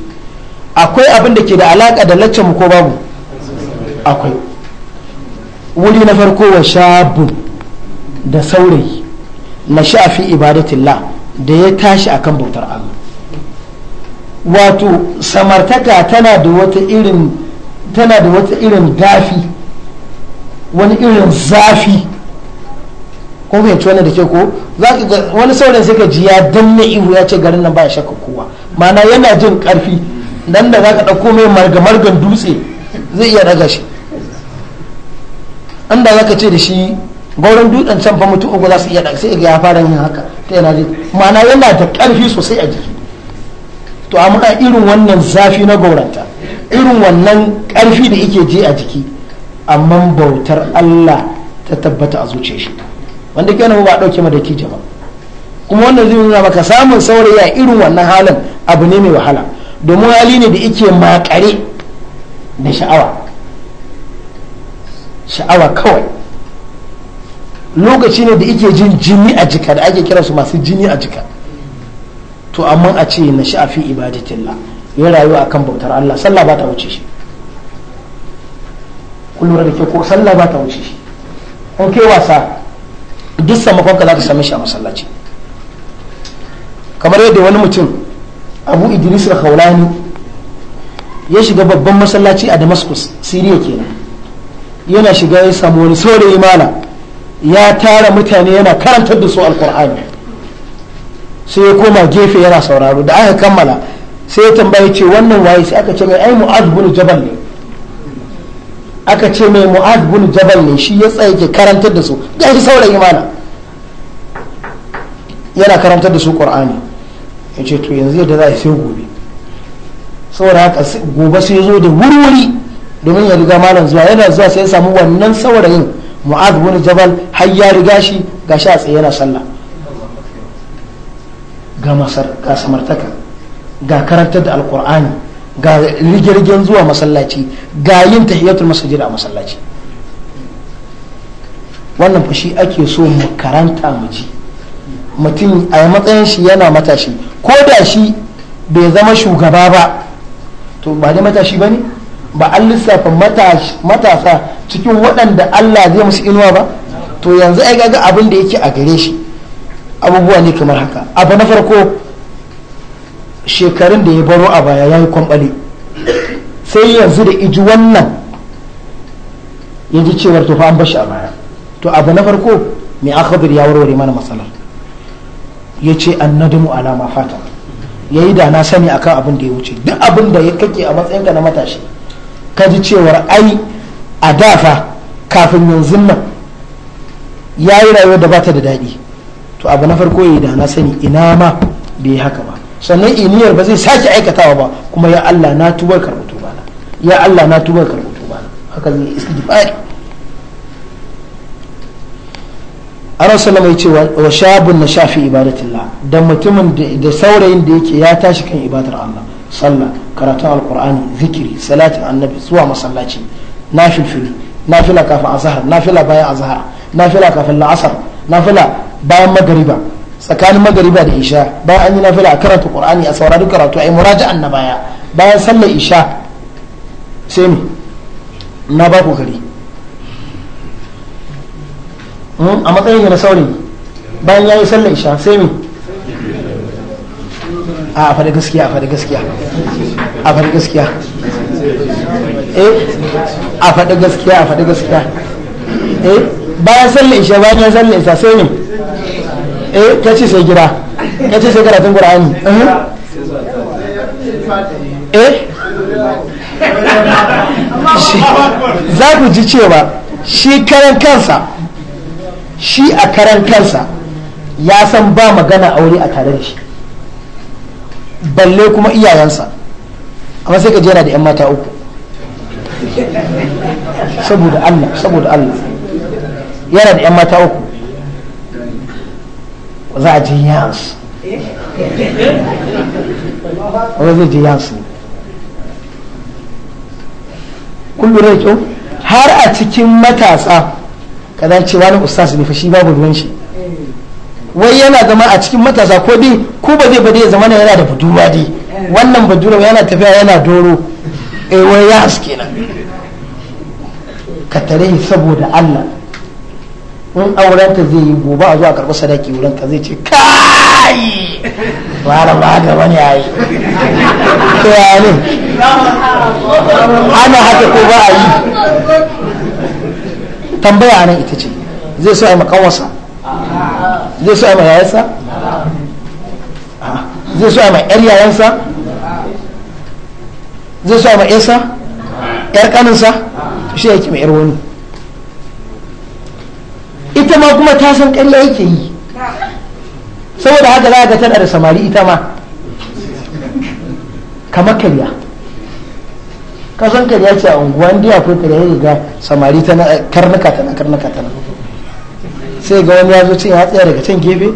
[SPEAKER 2] akwai abin da ke da alaka da laccan mu ko babu akwai wuri na farko wa shabu da saurayi na shafi ibadatillah da ya tashi akan bautar Allah wato samartaka tana da wata irin tana da wata irin dafi wani irin zafi ko fahimci wannan da ke ko wani saurayin sai ka ji ya danne ihu ya ce garin nan ba ya shakka kowa ma'ana yana jin karfi dan da zaka dauko mai marga-margan dutse zai iya daga shi an da zaka ce da shi gauran dutsen can fa mutu uku za su iya daga sai ya fara yin haka ta yana ji ma'ana yana da karfi sosai a jiki to amma irin wannan zafi na gauranta irin wannan karfi da yake ji a jiki amma bautar Allah ta tabbata a zuce shi wanda ke ba a ɗauke ma jama kuma wannan zai nuna maka samun saurayi a irin wannan halin abu ne mai wahala domin hali ne da yake makare da sha'awa sha'awa kawai lokaci ne da yake jin jini a jika da ake kira su masu jini a jika to amma a ce na sha fi ibadatillah ya rayu akan bautar Allah sallah ba ta wuce shi kullum da ke ko sallah ba ta wuce shi Kun kai wasa duk samakonka za ka sami shi a masallaci kamar yadda wani mutum abu idris al-khawlani ya shiga babban masallaci a damascus siriya kenan yana shiga ya samu wani saurayi ya tara mutane yana karantar da su alkur'ani sai ya koma gefe yana sauraro da aka kammala sai ya tambaye ce wannan waye sai aka ce mai ai mu'ad bin jabal ne aka ce mai mu'ad bin jabal ne shi ya tsaye ke karantar da su ga shi saurayi imana yana karantar da su qur'ani ya ce to yanzu yadda za a sai gobe saboda haka gobe sai ya zo da wurwuri domin ya riga malam zuwa yana zuwa sai ya samu wannan saurayin mu'ad bin jabal har ya riga shi gashi a tsaye yana sallah ga Masar ga samartaka ga karantar da alkur'ani ga rigirgen zuwa masallaci ga yin tahiyatul masajid a masallaci wannan fushi ake so mu karanta mu ji mutum a matsayin shi yana matashi ko da shi bai zama shugaba ba to ba dai matashi ba ne ba an lissafa matasa cikin waɗanda Allah zai musu inuwa ba to yanzu ai ga abin da yake a gare shi abubuwa ne kamar haka abu na farko shekarun da ya baro a baya ya yi kwamɓale sai yanzu da iji wannan ya ji cewar tofa an bashi a baya to abu na farko mai akhbir ya warware mana matsalar ya ce an nadamu alama fata ya yi da na sani akan abin da ya wuce duk abin da ya kake a matsayinka na matashi ka ji cewar ai a dafa kafin yanzu nan ya yi rayuwar da bata da daɗi to abu na farko ya da na sani ina ma bai yi haka ba sannan iniyar ba zai sake aikatawa ba kuma ya Allah na tubar karɓi tubana ya Allah na tubar karɓi tubana haka zai istighfari ana sallama yace wa shabun na shafi ibadatillah da mutumin da saurayin da yake ya tashi kan ibadar Allah sallah karatun alqur'ani zikiri salatin annabi zuwa masallaci nafilfili nafila kafin azhar nafila bayan azhar nafila kafin la'asar nafila bayan magariba tsakanin magariba da isha bayan an yi nafila a karanta qur'ani a saurari karatu ai muraja'an na baya bayan sallar isha sai mu na ba ku gari hmm? a matsayin yana saurin bayan ya yi sallar isha sai mu a faɗi gaskiya a faɗi gaskiya a faɗi gaskiya eh a faɗi gaskiya a faɗi gaskiya eh bayan sallar isha bayan ya sallar isha sai mu. eh ka ce sai gida ka ce sai karatun qur'ani eh za ku ji cewa shi karan kansa shi a karan kansa ya san ba magana aure a tare da shi balle kuma iyayensa amma sai ka jera da 'yan mata uku saboda allah saboda allah yana da 'yan mata uku za a ji yans wani zai ji yansu ne kullum da kyau har a cikin matasa kadan cewa na ustaz ne fa shi babu ruwan shi wai yana zama a cikin matasa ko bi ko ba zai bade dai zama yana da budurwa dai wannan budurwa yana tafiya yana doro eh wai ya haske nan ka tare saboda Allah in auren ta zai yi gobe a zuwa karɓar sadaki wurin ka zai ce kai wara ba ga wani yayi to ya ne ana haka ko ba a yi tambaya nan ita ce zai so a yi makawarsa zai so a yi zai so a yi ma yar yayansa zai so a yi ma yarsa yar kaninsa shi yake mai yar wani ita ma kuma ta san ƙarya yake yi saboda haka za ga tana da samari ita ma kamar karya ka san karya ce a unguwa ndi akwai ya ga samari tana karnuka tana karnuka tana sai ga wani ya zo cin hatsiya daga can gefe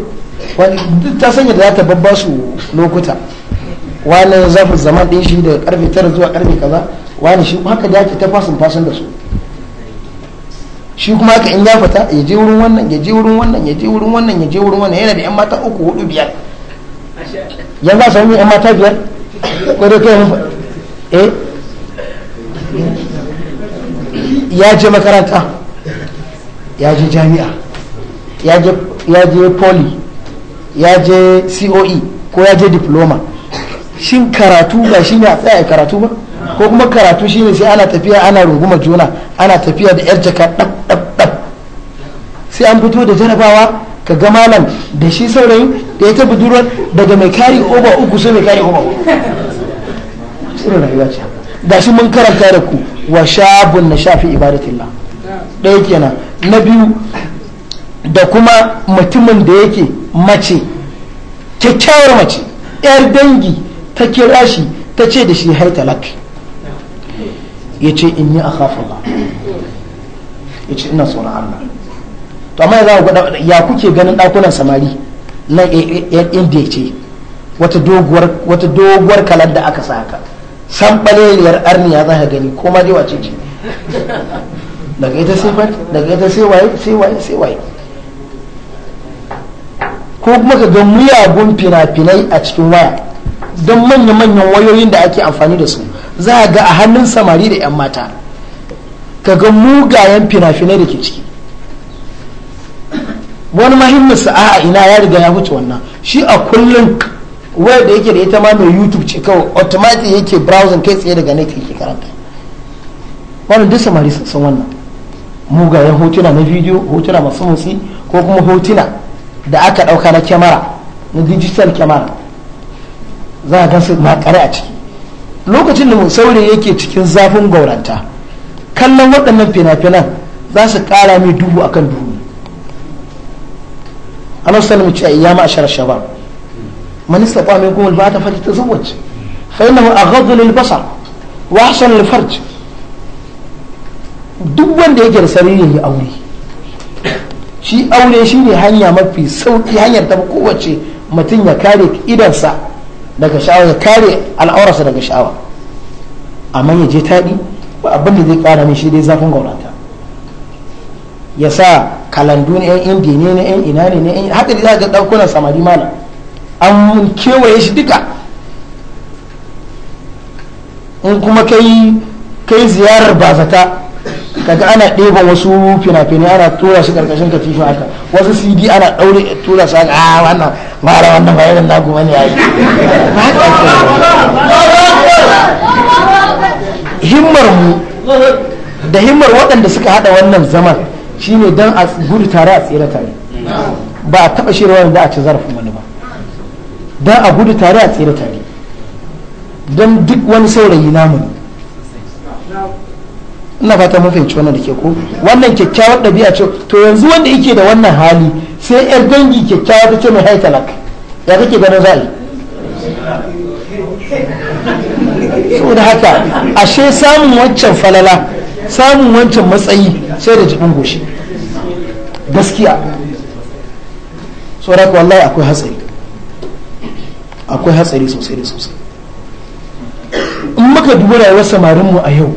[SPEAKER 2] wani ta sanya da za ta babba su lokuta wani zafin zaman ɗin shi daga karfe tara zuwa karfe kaza wani shi haka da ake ta fasin fasin da su shi kuma haka in ya fita ya je wurin wannan ya je wurin wannan ya je wurin wannan ya je wurin wannan yana da yan mata uku hudu biyar Yan za su sami yan mata biyar kwarai kai mun eh ya je makaranta ya je jami'a ya je poli ya je coe ko ya je diploma shin karatu ba shi ne a tsaya karatu ba ko kuma karatu shine sai ana tafiya ana ruguma juna ana tafiya da yar jaka ɗab ɗab ɗab sai an fito da jarabawa ka ga malam da shi saurayin da ya tafi duruwar daga mai kari oba uku sai mai kari oba da shi mun karanta da ku wa shabun na shafi ibadatillah ɗaya kenan na biyu da kuma mutumin da yake mace kyakkyawar mace 'yar dangi ta kira shi ta ce da shi hai ya ce in yi a khafullah ya ce ina tsoron Allah to amma za ku ga ya kuke ganin ɗakunan samari nan eh, eh, eh, inda ce wata doguwar kalar da aka sa haka san ɓaleliyar arniya za ka gani ko ma dai wace ce daga ita sai fat daga ita sai waye sai waye sai waye ko kuma ka ga muyagun fina-finai a cikin waya don manya-manyan wayoyin da ake amfani da su za a ga a hannun samari da 'yan mata ka ga mugayen fina-finai da ke ciki wani mahimmin sa'a ina ya riga ya wuce wannan shi a kullum waya da yake da ita ma mai youtube ce kawai automatic yake browsing kai tsaye daga nake yake karanta wannan duk samari sun wannan mugayen hotuna na bidiyo hotuna masu motsi ko kuma hotuna da aka ɗauka na kyamara na digital kyamara za a ma makare a ciki lokacin da saurayi yake cikin zafin gauranta kallon waɗannan fina-finan za su ƙara mai duhu akan duhu a sallam a ya ma ashar shabab man istata minkum al ta falyatazawwaj fa innahu aghaddu lil-basar wa ahsanu lil duk wanda yake da sarari ya aure shi aure shi ne hanya mafi sauki hanyar ta kowace mutum ya kare idansa daga sha'awa ya kare al'aurarsa daga sha'awa amma ya je taɗi ba abin da zai kara min shi dai zafin gaurata ya sa kalandu na 'yan indiya ne na 'yan ina ne na 'yan haka da za ga ɗaukunan samari mana an kewaye shi duka in kuma kai kai ziyarar bazata kaga ana ɗeban wasu fina-finai ana tura su karkashin katifin haka wasu cd ana ɗaure tura su haka a ah, wannan mara wannan ba irin nagu wani yayi himmar mu da himmar waɗanda suka haɗa wannan zaman shine don a gudu tare a tsira tare ba a taɓa shirya da a ci zarafin wani ba don a gudu tare a tsira tare don duk wani saurayi namu ina fata mun fahimci wannan da ke ko wannan kyakkyawar ɗabi'a ce to yanzu wanda yake da wannan hali sai yar dangi kyakkyawa ta ce mai haitalak ya kake ganin za'i saboda haka ashe samun wancan falala samun wancan matsayi sai da jikin goshi gaskiya saboda wallahi akwai hatsari akwai hatsari sosai da sosai in muka dubi rayuwar samarinmu a yau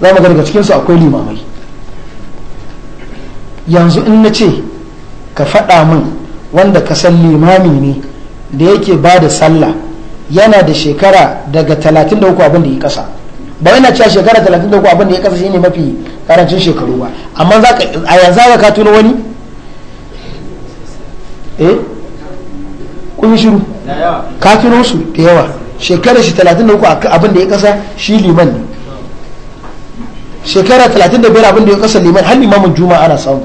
[SPEAKER 2] za mu daga cikinsu akwai limamai yanzu in na ce ka faɗa min wanda ka san limami ne da yake ba da sallah yana da shekara daga 33 abin da ya kasa ba yana cewa shekara 33 abin da ya kasa shine mafi karancin shekaru ba amma a yanzu za ka tuno wani eh kun shiru ka tuno su da yawa shekara shi 33 abin da ya kasa shi liman ne shekara 35 abin da ya kasa liman har limamin juma ana samu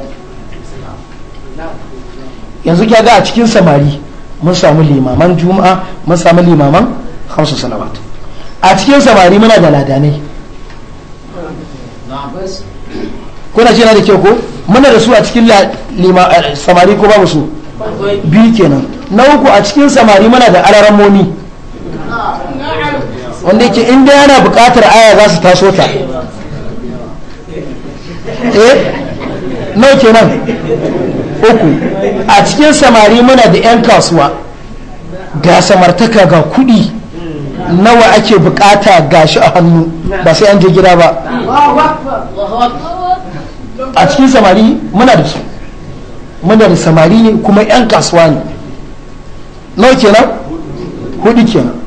[SPEAKER 2] yanzu kya ga a cikin samari mun samu limaman juma'a mun samu limaman hamsu salawat a cikin samari muna da ladanai kuna ce na da kyau ko muna da su a cikin eh, samari ko babu su biyu kenan na uku a cikin samari muna da alaramomi wanda yake inda yana bukatar aya za su taso ta Eh? n'o ke nan, uku a cikin samari muna da 'yan kasuwa ga samartaka ga kuɗi nawa ake bukata shi a hannu ba sai an je gida ba a cikin samari muna da su muna da samari ne kuma 'yan kasuwa ne ke nan hudu nan,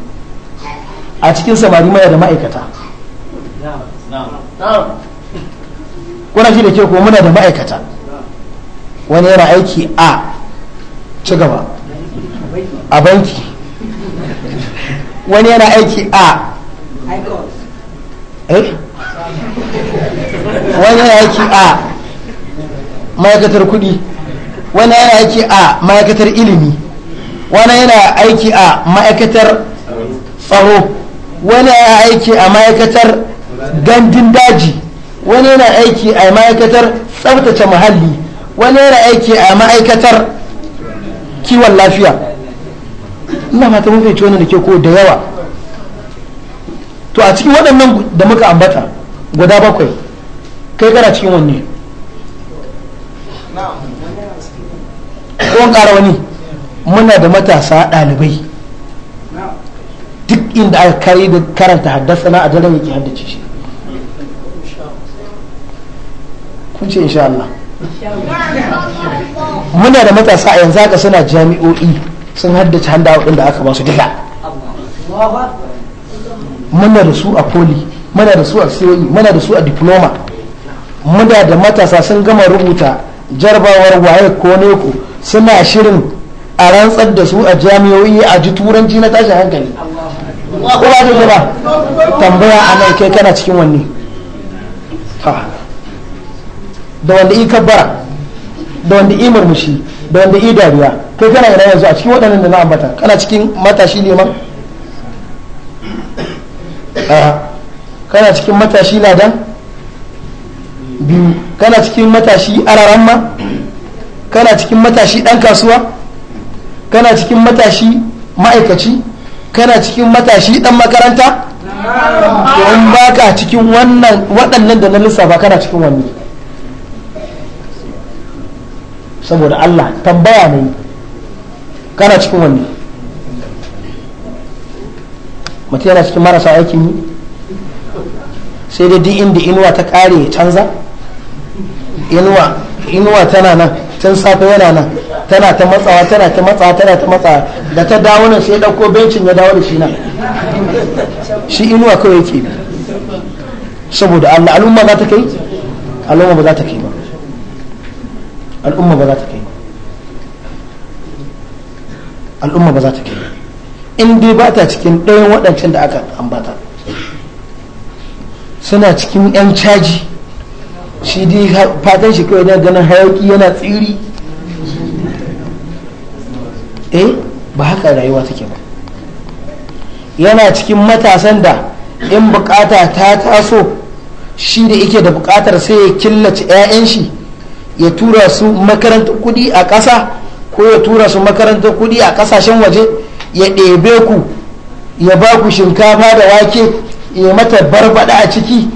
[SPEAKER 2] a cikin samari muna da ma'aikata kuna shi da ke kuma muna da ma'aikata wani yana aiki a ci gaba a banki wani yana aiki a eh? wani yana aiki a ma'aikatar kudi wani yana aiki a ma'aikatar ilimi wani yana aiki a ma'aikatar tsaro wani yana aiki a ma'aikatar gandun daji wani yana aiki a ma'aikatar tsaftace muhalli wani yana aiki a ma'aikatar kiwon lafiya ina mata mun fahimci wani da ke ko da yawa to a cikin waɗannan da muka ambata guda bakwai kai kana cikin wanne ko ƙara wani muna da matasa ɗalibai duk inda aka kare da karanta haddasa na a daren yake haddace shi kun insha Allah muna da matasa a yanzu haka suna jami'o'i sun haddace handa da aka ba su duka muna da su a poli muna da su a COE muna da su a diploma muna da matasa sun gama rubuta jarbawar waye ko neko suna shirin a rantsar da su a jami'o'i a ji turanci na tashin hankali ko ba tambaya a nan kai kana cikin wanne da wanda i kabbara da wanda i murmushi da wanda i dariya kai kana ina yanzu a cikin waɗannan da na ambata kana cikin matashi ne ma kana cikin matashi ladan biyu kana cikin matashi ma kana cikin matashi ɗan kasuwa kana cikin matashi ma'aikaci kana cikin matashi ɗan makaranta in ba ka cikin waɗannan da na lissafa kana cikin wani saboda Allah tambaya ne kana cikin wani mutum yana cikin marasa aikin yi sai dai duk inda inuwa ta kare ya canza inuwa tana nan tun safe yana nan tana ta matsawa tana ta matsawa tana ta matsawa da ta dawo nan sai ɗauko bencin ya dawo da shi nan shi inuwa kawai yake saboda Allah al'umma za ta kai al'umma ba za ta kai ba al'umma ba za ta kai al'umma ba za ta kai in dai ba ta cikin ɗayan waɗancan da aka ambata suna cikin 'yan caji shi dai fatan shi kawai na ganin hayaki yana tsiri eh ba haka rayuwa take ba yana cikin matasan da in bukata ta taso shi da yake da bukatar sai ya killace 'ya'yan shi ya tura su makaranta kuɗi a ƙasa ko ya tura su makaranta kuɗi a ƙasashen waje ya ɗebe ku ya ba ku shinkafa da wake ya mata barbada a ciki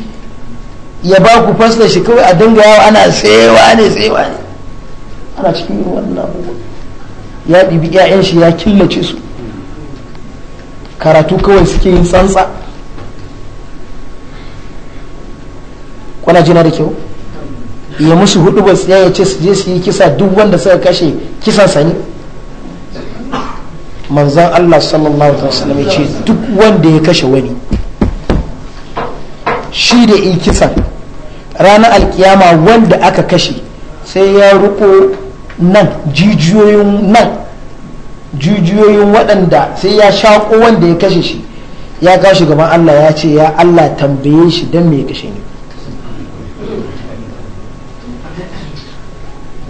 [SPEAKER 2] ya ba ku fasla shi kawai a dinga yawa ana tsewa ne tsewa ne ana cikin wannan abubuwa ya ɗibi 'ya'yan shi ya killace su karatu kawai suke yin tsantsa kwana jina da kyau ya musu hudu ba ya ce su je su yi kisa duk wanda suka kashe kisa sani manzan Allah sallallahu alaihi wasallam ya ce duk wanda ya kashe wani shi da yi kisa ranar alkiyama wanda aka kashe sai ya ruko nan jijiyoyin nan jijiyoyin waɗanda sai ya shaƙo wanda ya kashe shi ya gashi gaban Allah ya ce ya Allah tambaye shi don me ya kashe ni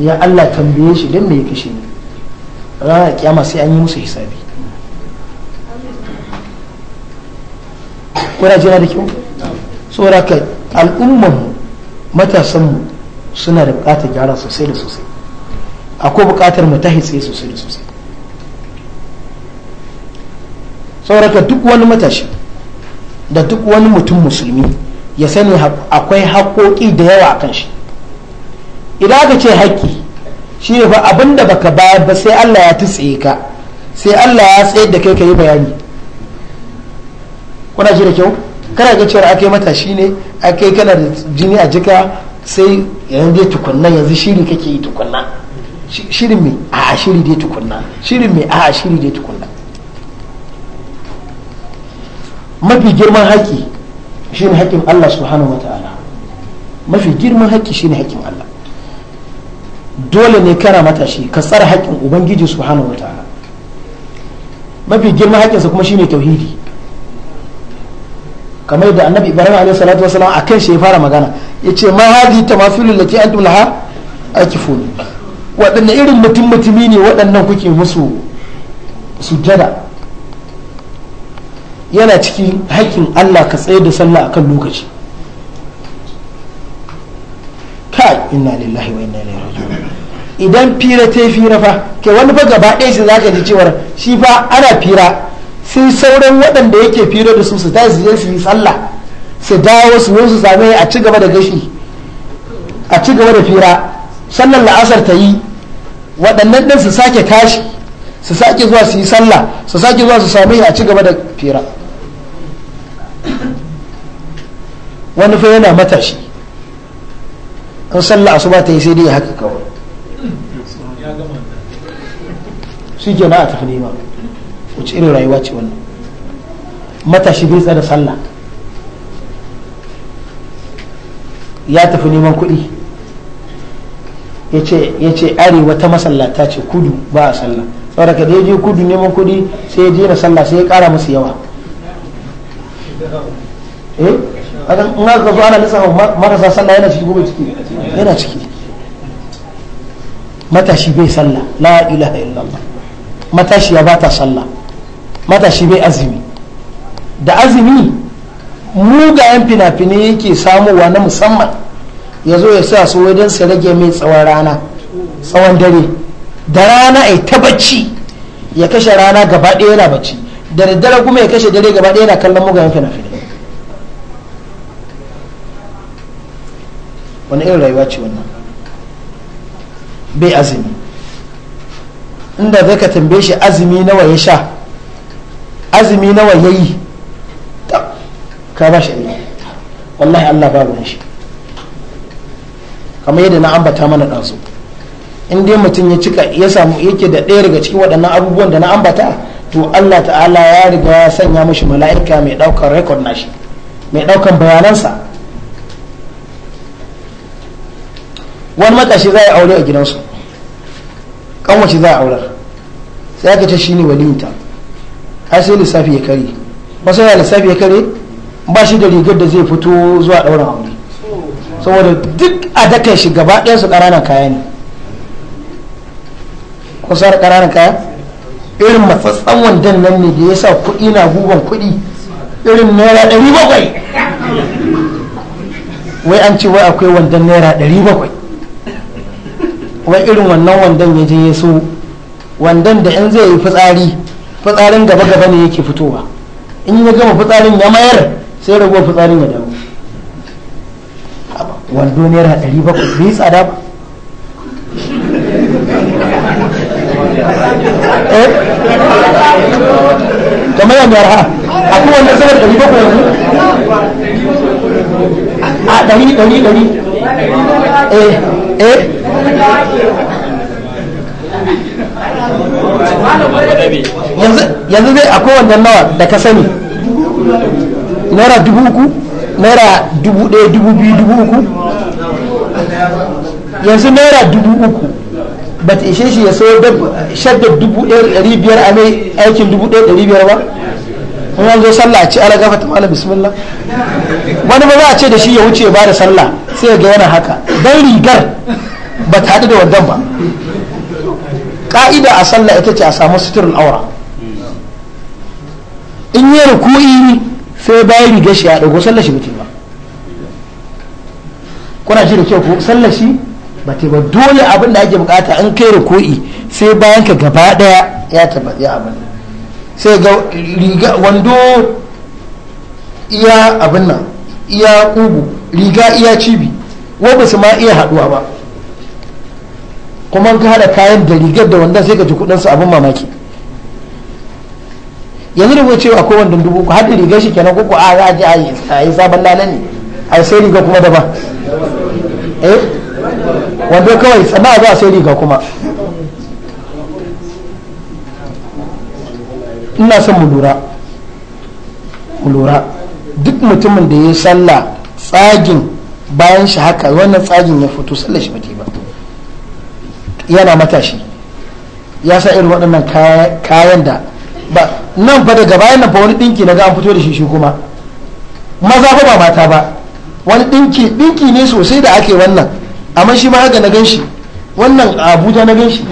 [SPEAKER 2] ya Allah tambaye shi don me ya kashe ni ranar kyama sai an yi musu hisabi kuna jira da kyau saboda ka al'umman matasanmu suna da bukatar gyara sosai da sosai akwai bukatar mu ta hitsaye sosai da sosai sauraka duk wani matashi da duk wani mutum musulmi ya sani akwai haƙoƙi da yawa a kan shi idan ka ce haƙƙi shi ne fa abinda baka bayar ba sai Allah ya tutse ka sai Allah ya tsayar da kai ka yi bayani kuna shi da kyau kana ga cewa yi mata shi ne yi kana da jini a jika sai yanzu dai tukunna yanzu shiri kake yi tukunna shirin mai a shiri dai tukunna shirin mai a shiri dai tukunna mafi girman haƙƙi shine haƙƙin Allah subhanahu wataala mafi girman haƙƙi shine haƙƙin Allah dole ne kana matashi ka tsara haƙƙin ubangiji subhanahu wataala mafi girma haƙƙinsa kuma shine tauhidi kamar da annabi ibrahim alaihi salatu wasalam a kan shi ya fara magana ya ce ma hadi tamafilu lati antum laha akifun waɗanne irin mutum mutumi ne waɗannan kuke musu sujjada yana cikin haƙƙin Allah ka tsaye da sallah akan lokaci inna lillahi wa inna ilaihi raji'un idan fira ta yi fira fa ke wani fa gaba ɗaya sai zaka ji cewar shi fa ana fira sai sauran waɗanda yake fira da su su ta su je su yi sallah su dawo su zo su same a ci gaba da gashi a ci gaba da fira sallar la'asar ta yi waɗannan ɗin su sake tashi su sake zuwa su yi sallah su sake zuwa su same a ci gaba da fira wani fa yana matashi in sallah asuba ta yi sai dai haka kawai shi ke na a tafi nema wace irin rayuwa ce wannan matashi bai tsada sallah ya tafi neman kuɗi ya ce arewa ta masallata ce kudu ba a sallah saboda da ya je kudu neman kuɗi sai ya je na sallah sai ya ƙara musu yawa eh in aka zo ana lissafa marasa sallah yana ciki gobe ciki yana ciki matashi bai sallah la ilaha illallah matashi ya bata sallah matashi bai azumi da azumi mugayen fina-finai yake samowa na musamman ya zo ya sa su wajen su rage mai tsawon rana tsawon dare da rana ya ta bacci ya kashe rana gaba ɗaya yana bacci da daddare kuma ya kashe dare gaba ɗaya yana kallon mugayen fina-finai wani irin rayuwa ce wannan bai azumi inda zai ka tambaye shi azumi nawa ya sha azumi nawa ya yi ka ba shi aiki wallahi allah babu shi kamar yadda na ambata mana ɗansu in dai mutum ya cika ya samu yake da ɗaya daga cikin waɗannan abubuwan da na ambata to allah ta'ala ya riga ya sanya mashi mala'ika mai ɗaukar rekod nashi mai ɗaukar bayanansa wani matashi za a aure a gidansu kanwace za a aurar sai aka ce shi ne walinta har sai lissafi ya kare ba sai lissafi ya kare ba shi da rigar da zai fito zuwa ɗaurin aure saboda duk a dakan shi gaba ɗaya su ƙananan kaya ne kusa da ƙananan kaya irin matsatsan wandan nan ne da ya sa kuɗi na guban kuɗi irin naira ɗari bakwai wai an ce wai akwai wandan naira ɗari bakwai kuma irin wannan wandon ya je ya so wandon da in zai yi fitsari fitsarin gaba gaba ne yake fitowa in ya gama fitsarin ya mayar sai ragowar fitsarin ya dawo wando naira ɗari bakwai bai tsada ba eh? kamar yadda ha akwai wanda sabar ɗari bakwai
[SPEAKER 3] yanzu a
[SPEAKER 2] ah, ɗari ɗari ɗari
[SPEAKER 3] eh
[SPEAKER 2] eh yanzu zai a kowane nawa da ka sani naira dubu uku naira dubu ɗaya dubu biyu dubu uku yanzu naira dubu uku ba ta ishe shi ya sayo shaddar dubu ɗaya ɗari biyar a mai aikin dubu ɗaya ɗari biyar ba in an zo sallah a ce ala gafata malam bismillah wani ba za a ce da shi ya wuce ba da sallah sai ga yana haka dan rigar ba ta da wannan ba ka'ida a sallah ita ce a samu suturin aura in yi ruku'i sai bai riga shi ya dago sallah shi mutum ba kuna ji da kyau ko sallah shi ba te ba dole abin da ake bukata an kai ruku'i sai bayan ka gaba daya ya tabbata ya abin sai ga riga wando iya abin nan iya ƙugu riga iya cibi wanda su ma iya haduwa ba kuma ka haɗa kayan da rigar da wanda sai ka ji su abin mamaki yanzu da cewa akwai wanda dubu ku haɗin rigar shi kenan kuku a za a ji a yi sabon lana ne a sai riga kuma da ba eh wanda kawai tsama za a sai riga kuma ina son mu lura mu lura duk mutumin da ya sallah tsagin bayan shi haka wannan tsagin ya fito sallar shi ba ba yana matashi ya sa irin waɗannan kayan da ba nan fa daga bayan nan fa wani ɗinki na ga an fito da shi shi kuma maza ba mata ba wani ɗinki ɗinki ne sosai da ake wannan amma shi ma haka na gan shi wannan abuja na gan shi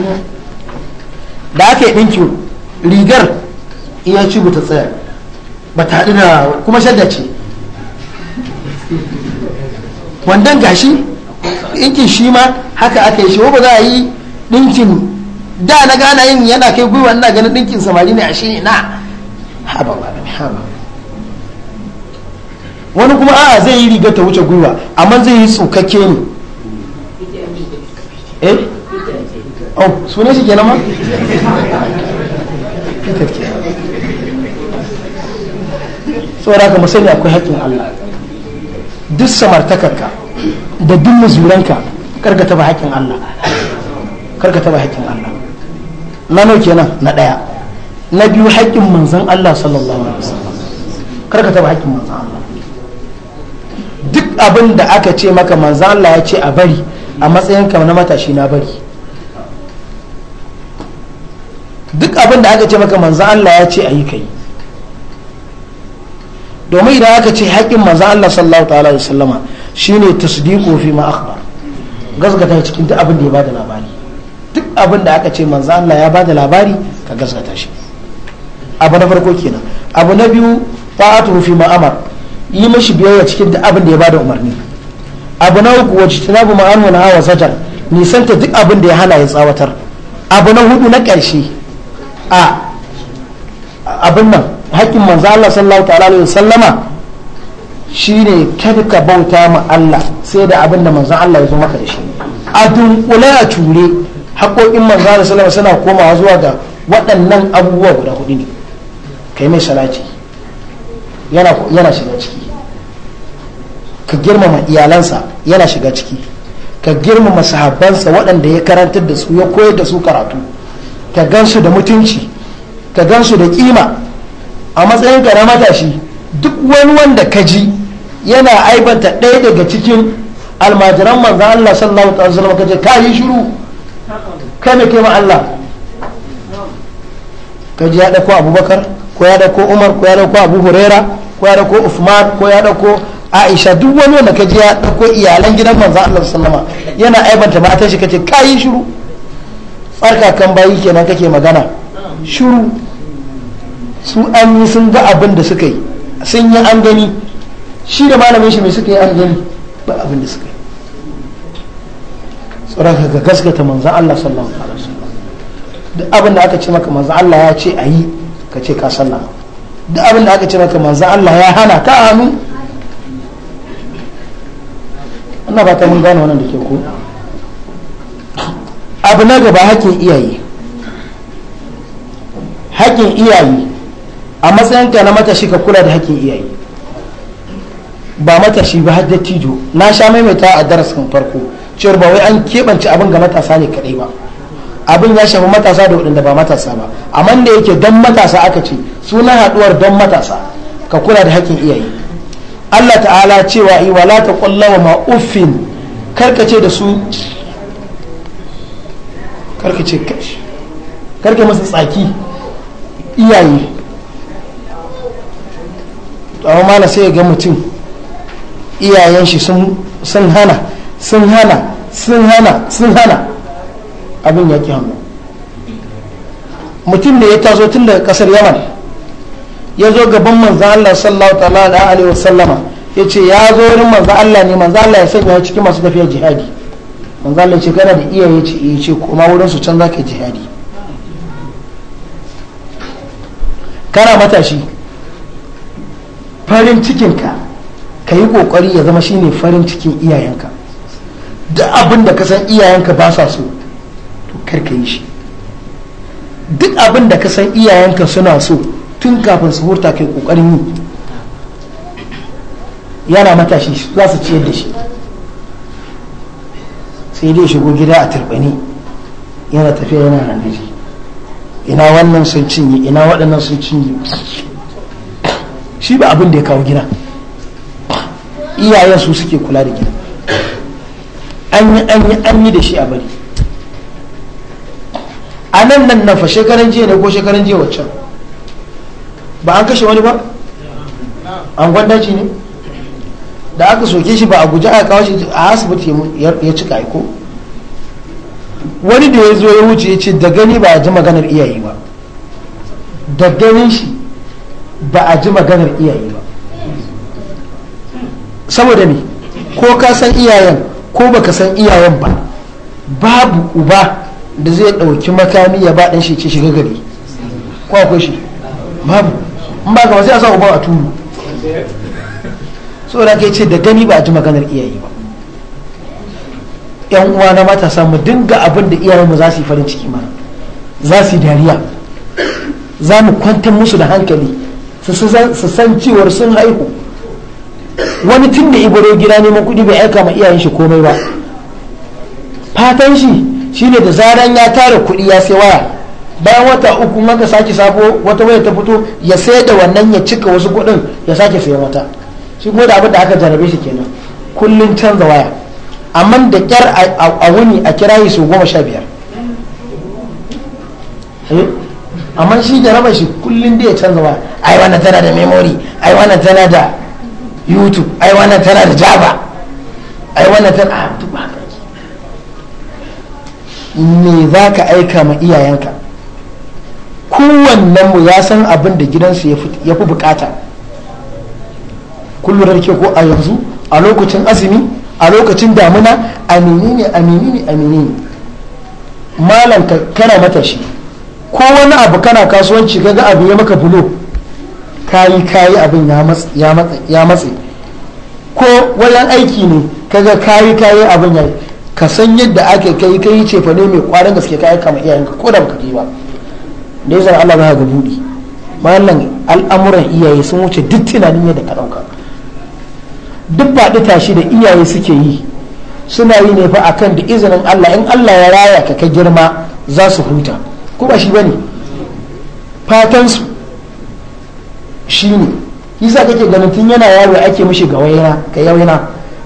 [SPEAKER 2] da aka yi dinki rigar iya ci ta tsaya ba ta haɗu da kuma shadda ce wandan gashi ɗinkin shi ma haka aka yi shi ba za a yi ɗinkin da na gana yin yana kai gwiwa ina ganin ɗinkin samari ne a shi na haɓa ba haba wani kuma a'a zai yi rigar ta wuce gwiwa amma zai yi tsukakke ne eh oh sune shi kenan ma saboda ka musani akwai haƙƙin Allah duk samartakarka da duk muzuranka karka taba haƙƙin Allah karka taba haƙƙin Allah na nau kenan na ɗaya na biyu haƙƙin manzon Allah sallallahu alaihi wasallam karka taba haƙƙin manzon Allah duk abin da aka ce maka manzon Allah ya ce a bari a matsayinka na matashi na bari duk abin da aka ce maka manzon Allah ya ce a yi ka domin idan aka ce haƙƙin manzan Allah sallallahu ta'ala da sallama shine tasdiqu fi ma akhbar gasgata cikin duk abin da ya bada labari duk abin da aka ce manzan Allah ya bada labari ka gasgata shi abu na farko kenan abu na biyu ta'atuhu fi ma amar yi mashi biyayya cikin duk abin da ya bada umarni abu na uku wacce tanabu ma'an wa nahawa zajar nisanta duk abin da ya hana ya tsawatar abu na hudu na ƙarshe a abin nan hakkin manzo Allah sallallahu ta'ala alaihi wasallama shine kada ka bauta ma Allah sai da abin da manzo Allah ya zo maka da shi a dunkule a ture haƙoƙin manzo Allah sallallahu suna komawa zuwa ga waɗannan abubuwa guda hudu ne kai mai salati yana yana shiga ciki ka girmama iyalansa yana shiga ciki ka girmama sahabbansa waɗanda ya karantar da su ya koyar da su karatu ka gan su da mutunci ka gan su da kima a matsayin ka na matashi duk wani wanda ka ji yana aibanta ɗaya daga cikin almajiran manzan Allah sallallahu alaihi wasallam kace ka yi shiru kai me kai ma Allah ka ji ya dauko Abubakar ko ya dauko Umar ko ya dauko Abu Huraira ko ya dauko Uthman ko ya dauko Aisha duk wani wanda ka ji ya dauko iyalan gidan manzan Allah sallallahu alaihi yana aibanta matan shi kace ka yi shiru farka kan bayi kenan kake magana shiru su an yi sun ga abin da suka yi sun yi an gani shi da malamin shi mai suka yi an gani ba abin da suka yi tsoraka ga gaskata manzan Allah sallallahu alaihi wasallam duk abin da aka ce maka manzan Allah ya ce a yi ka ce ka sallama duk abin da aka ce maka manzan Allah ya hana ka hannu ina ba ta mun gane wannan da ke ko abu na gaba hakkin iyaye hakkin iyaye a matsayinka na matashi ka kula da hakkin iyaye ba matashi ba har dattijo na sha maimaita a darasin farko cewar ba wai an keɓance abin ga matasa ne kaɗai ba abin ya shafi matasa da waɗanda ba matasa ba amma da yake don matasa aka ce suna haɗuwar don matasa ka kula da hakkin iyaye Allah ta'ala cewa yi wala ta kullawa ma uffin karkace da su karkace karkace masu tsaki iyaye amma mana sai ga mutum iyayen shi sun hana sun hana sun hana sun hana abin ya ki hannu mutum da ya taso tun daga kasar yaman ya zo gaban manzan Allah sallallahu ta'ala da alaihi wasallama ya ce ya zo wurin manzan Allah ne manzan Allah ya sanya cikin masu tafiya jihadi manzan Allah ya ce gana da iyaye ce iya eh, ce kuma wurin su can za ka jihadi kana matashi farin cikinka ka yi kokari ya zama shine farin cikin iyayenka duk abin da ka san iyayenka ba sa so to kar ka yi shi duk abin da ka san iyayenka suna so tun kafin su hurta kai kokarin yi yana matashi za su ciyar da shi sai dai shigo gida a turbani yana tafiya yana shi ina wannan sun cinye ina waɗannan sun cinye shi ba abin da ya kawo gina iyayen su suke kula da gina an yi an yi an yi da shi a bari a nan nan na fa shekaran jiya ne ko shekaran jiya waccan ba an kashe wani ba an gwandaci ne da aka soke shi ba a guji a kawo shi a asibiti ya ci ko wani da ya zo ya wuce ya ce da gani ba a ji maganar iyaye ba da ganin shi ba a ji maganar iyaye ba saboda ne ko ka san iyayen ko baka san iyayen ba babu uba da zai ɗauki makami ya ba shi ce shiga gari ko akwai shi babu in ba gaba sai a sa uba a tulu saboda ka ce da gani ba a ji maganar iyaye ba yan uwa na mata samu dinga abin da iyayenmu za su yi farin ciki mana za su yi dariya za mu kwantar musu da hankali su san cewar sun haihu wani tun da ibaro gida neman kuɗi bai aika ma iyayen shi komai ba fatan shi shine da zaran ya tara kuɗi ya sai waya bayan wata uku maka sake sabo wata waya ta fito ya sai da wannan ya cika wasu kuɗin ya sake sayan wata shi kuma da abin da aka jarabe shi kenan kullum canza waya amma da kyar a wuni a kirayi su goma sha biyar eh? amma shi raba shi kullum da ya canza ba ai wannan tana da memory ai wannan tana da youtube ai wannan tana da java ai wannan tana a ah, duk ba me za ka aika ma iyayenka kowannen mu ya san abin da gidansu ya fi bukata kullum rarke ko a yanzu a lokacin azumi a lokacin damuna amini ne amini ne amini ne malam kana matashi ko wani abu kana kasuwanci kaga abu ya maka bulo kayi kayi abin ya matse ko wajen aiki ne kaga kayi kayi abin ya ka san yadda ake kai kai ce fa mai kwarin gaske kayi kama iyayenka ko da baka ba da zan Allah ba ga budi mallan al'amuran iyaye sun wuce duk tunanin yadda ka dauka duk faɗi tashi da iyaye suke yi suna yi ne fa akan da izinin Allah in Allah ya raya ka ka girma za su huta ko ba shi bane fatan su shine yasa kake ganin tun yana yaro ake mishi ga waina ka yawina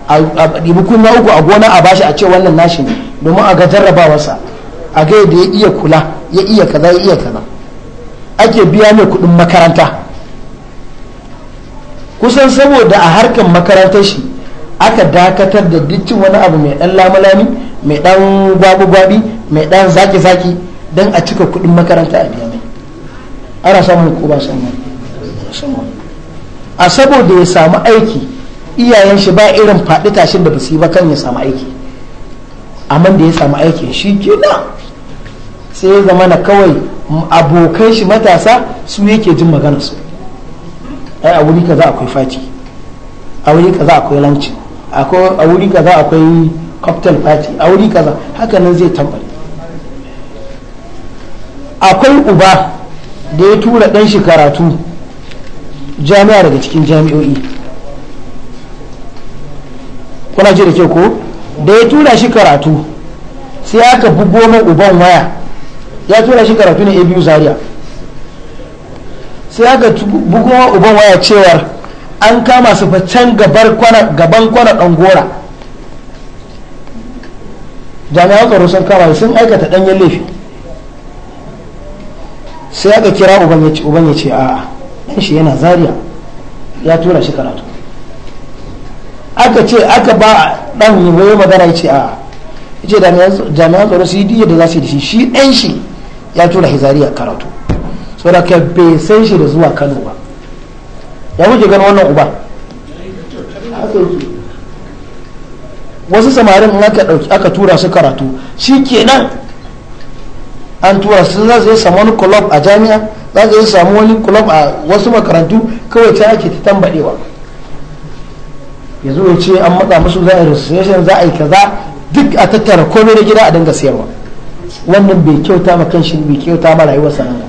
[SPEAKER 2] a ɗibi na uku a gona a bashi a ce wannan nashi ne domin a ga jarrabawarsa a ga yadda ya iya kula ya iya kaza ya iya kaza ake biya mai kuɗin makaranta kusan saboda a harkar makarantar shi aka dakatar da dukkan wani abu mai ɗan lamalami mai ɗan gwabi-gwabi mai ɗan zaki-zaki don a cika kudin makaranta a biya mai ana samun ko ba samu a saboda ya samu aiki iyayen shi ba irin faɗi tashin da ba yi ba kan ya samu aiki amma da ya samu aiki shi kenan sai ya zama na kawai abokai shi matasa su yake jin magana su ai a wuri kaza akwai fati a wuri kaza akwai lancin a wuri kaza akwai cocktail party a wuri kaza za, nan zai tambari akwai uba da ya tura ɗan shi karatu jami'a daga cikin jami'o'i kuna ji da ke ko da ya tura shi karatu sai aka bugo goma uban waya ya tura shi karatu na abu zaria sai aka bugo goma uban waya cewar an kama su facen gaban kwana ɗangora jami'an tsaro sun kama sun aikata ɗanyen laifi sai aka kira uban ya ce a a'a ɗan shi yana zariya ya tura shi karatu aka ce aka ba ɗan ya yi magana ya ce a'a ya ce jami'an tsaro su yi diya da za su yi da shi shi ɗan shi ya tura shi zariya karatu saboda ka bai san shi da zuwa kano ba ya wuce gano wannan uba wasu samarin aka tura su karatu shi kenan an tura su za su yi samu wani club a jami'a za su yi samu wani club a wasu makarantu kawai ta ake ta tambadewa yanzu ya ce an matsa musu za a yi za a yi kaza duk a tattara komai da gida a dinga siyarwa wannan bai kyauta ma kanshi bai kyauta ma rayuwar sa nan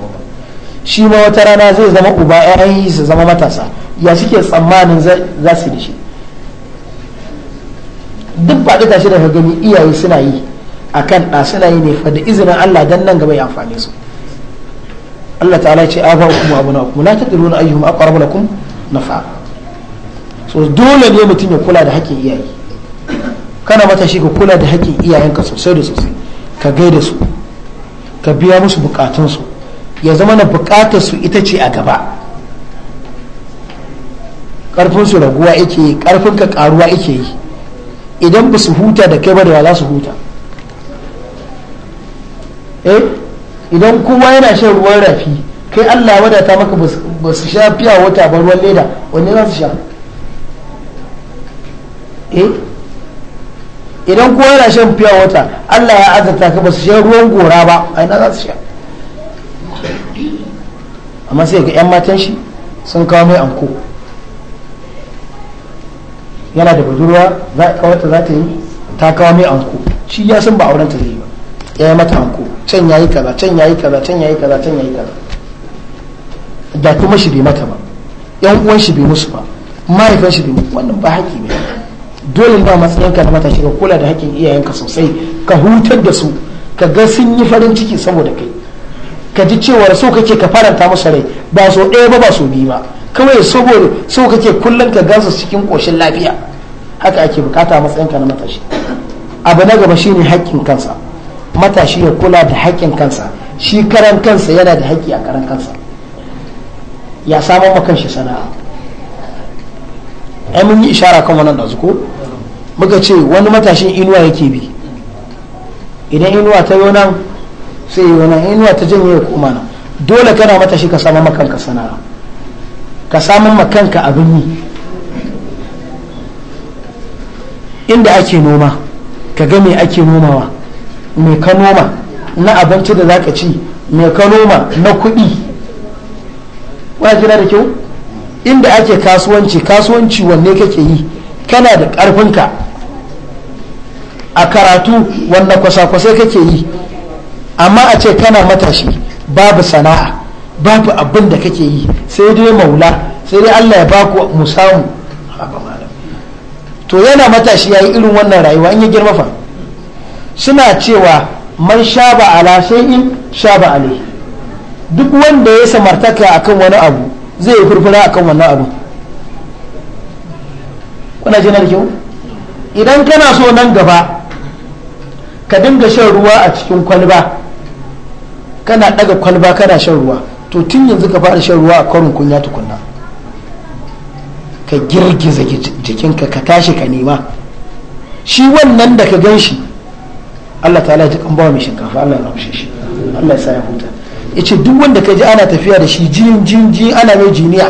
[SPEAKER 2] shi ma wata rana zai zama uba ƴaƴan yi su zama matasa ya suke tsammanin za su da shi duk ba da tashi daga gani iyaye suna yi akan ɗa suna yi ne fa da izinin Allah dan nan gaba ya amfane su Allah ta'ala ce afa hukum abu na hukum la tadruna ayyuhum aqrabu lakum nafa so dole ne mutum ya kula da hakkin iyaye kana matashi ka kula da hakkin iyayenka sosai da sosai ka gaida su ka biya musu bukatunsu ya zama na bukatar su ita ce a gaba karfin su raguwa yake yi karfin ka karuwa yake yi idan ba su huta da kai ba da za su huta eh idan kowa yana shan ruwan rafi kai Allah wadata maka ba su sha fiya wata ba ruwan leda wanne za su sha eh idan kowa yana shan fiya wata Allah ya azata ka ba su sha ruwan gora ba a za su sha amma sai ga 'yan matan shi sun kawo mai anko yana da budurwa wata za ta yi ta kawo mai anko shi ya san ba auren ta zai yi ya yi mata hanko can ya yi kaza can ya yi kaza can ya yi kaza can ya yi kaza da kuma shi bai mata ba yan uwan shi bai musu ba mahaifin shi bai wannan ba haƙƙi ne dole ba ka na matashi ka kula da haƙƙin iyayenka sosai ka hutar da su ka ga sun yi farin ciki saboda kai ka ji cewar so kake ka faranta musu rai ba so ɗaya ba ba so biyu ba kawai saboda so kake kullum ka gasa cikin ƙoshin lafiya haka ake bukata matsayinka na matashi abu na gaba shine haƙƙin kansa matashi ya kula da haƙƙin kansa shi karan kansa yana da haƙƙi a karan kansa ya samu makanshi sana'a ai mun yi ishara kan wannan da ko muka ce wani matashin inuwa yake bi idan inuwa ta yi nan sai yi wani inuwa ta janye ya koma nan dole kana matashi ka samu makanka sana'a ka samu makanka abin yi inda ake noma ka ga me ake nomawa mai ka noma na abinci da zaka ci mai kanoma noma na kuɗi wani kira da kyau inda ake kasuwanci kasuwanci wanne kake yi kana da ƙarfinka a karatu wanda kwasa kwasa kake yi amma a ce kana matashi babu sana'a babu abin da kake yi sai dai maula sai dai allah ya baku musamu. to yana matashi ya yi irin wannan rayuwa in ya girmafa. suna cewa man shaba ala in shaba alai duk wanda ya samartaka akan wani abu zai yi furfura akan wannan abu kuna jina da kyau idan kana so nan gaba ka dinga shan ruwa a cikin kwalba kana daga kwalba kana shan ruwa to tun yanzu ka fara shan ruwa a kwarin kunya tukunna ka girgiza jikinka ka tashi ka nema shi wannan da ka gan shi Allah ta ji kan bawa mai shinkafa Allah ya rahmshe shi Allah ya sa ya huta yace duk wanda ka ji ana tafiya da shi jin jin jin ana mai jiniya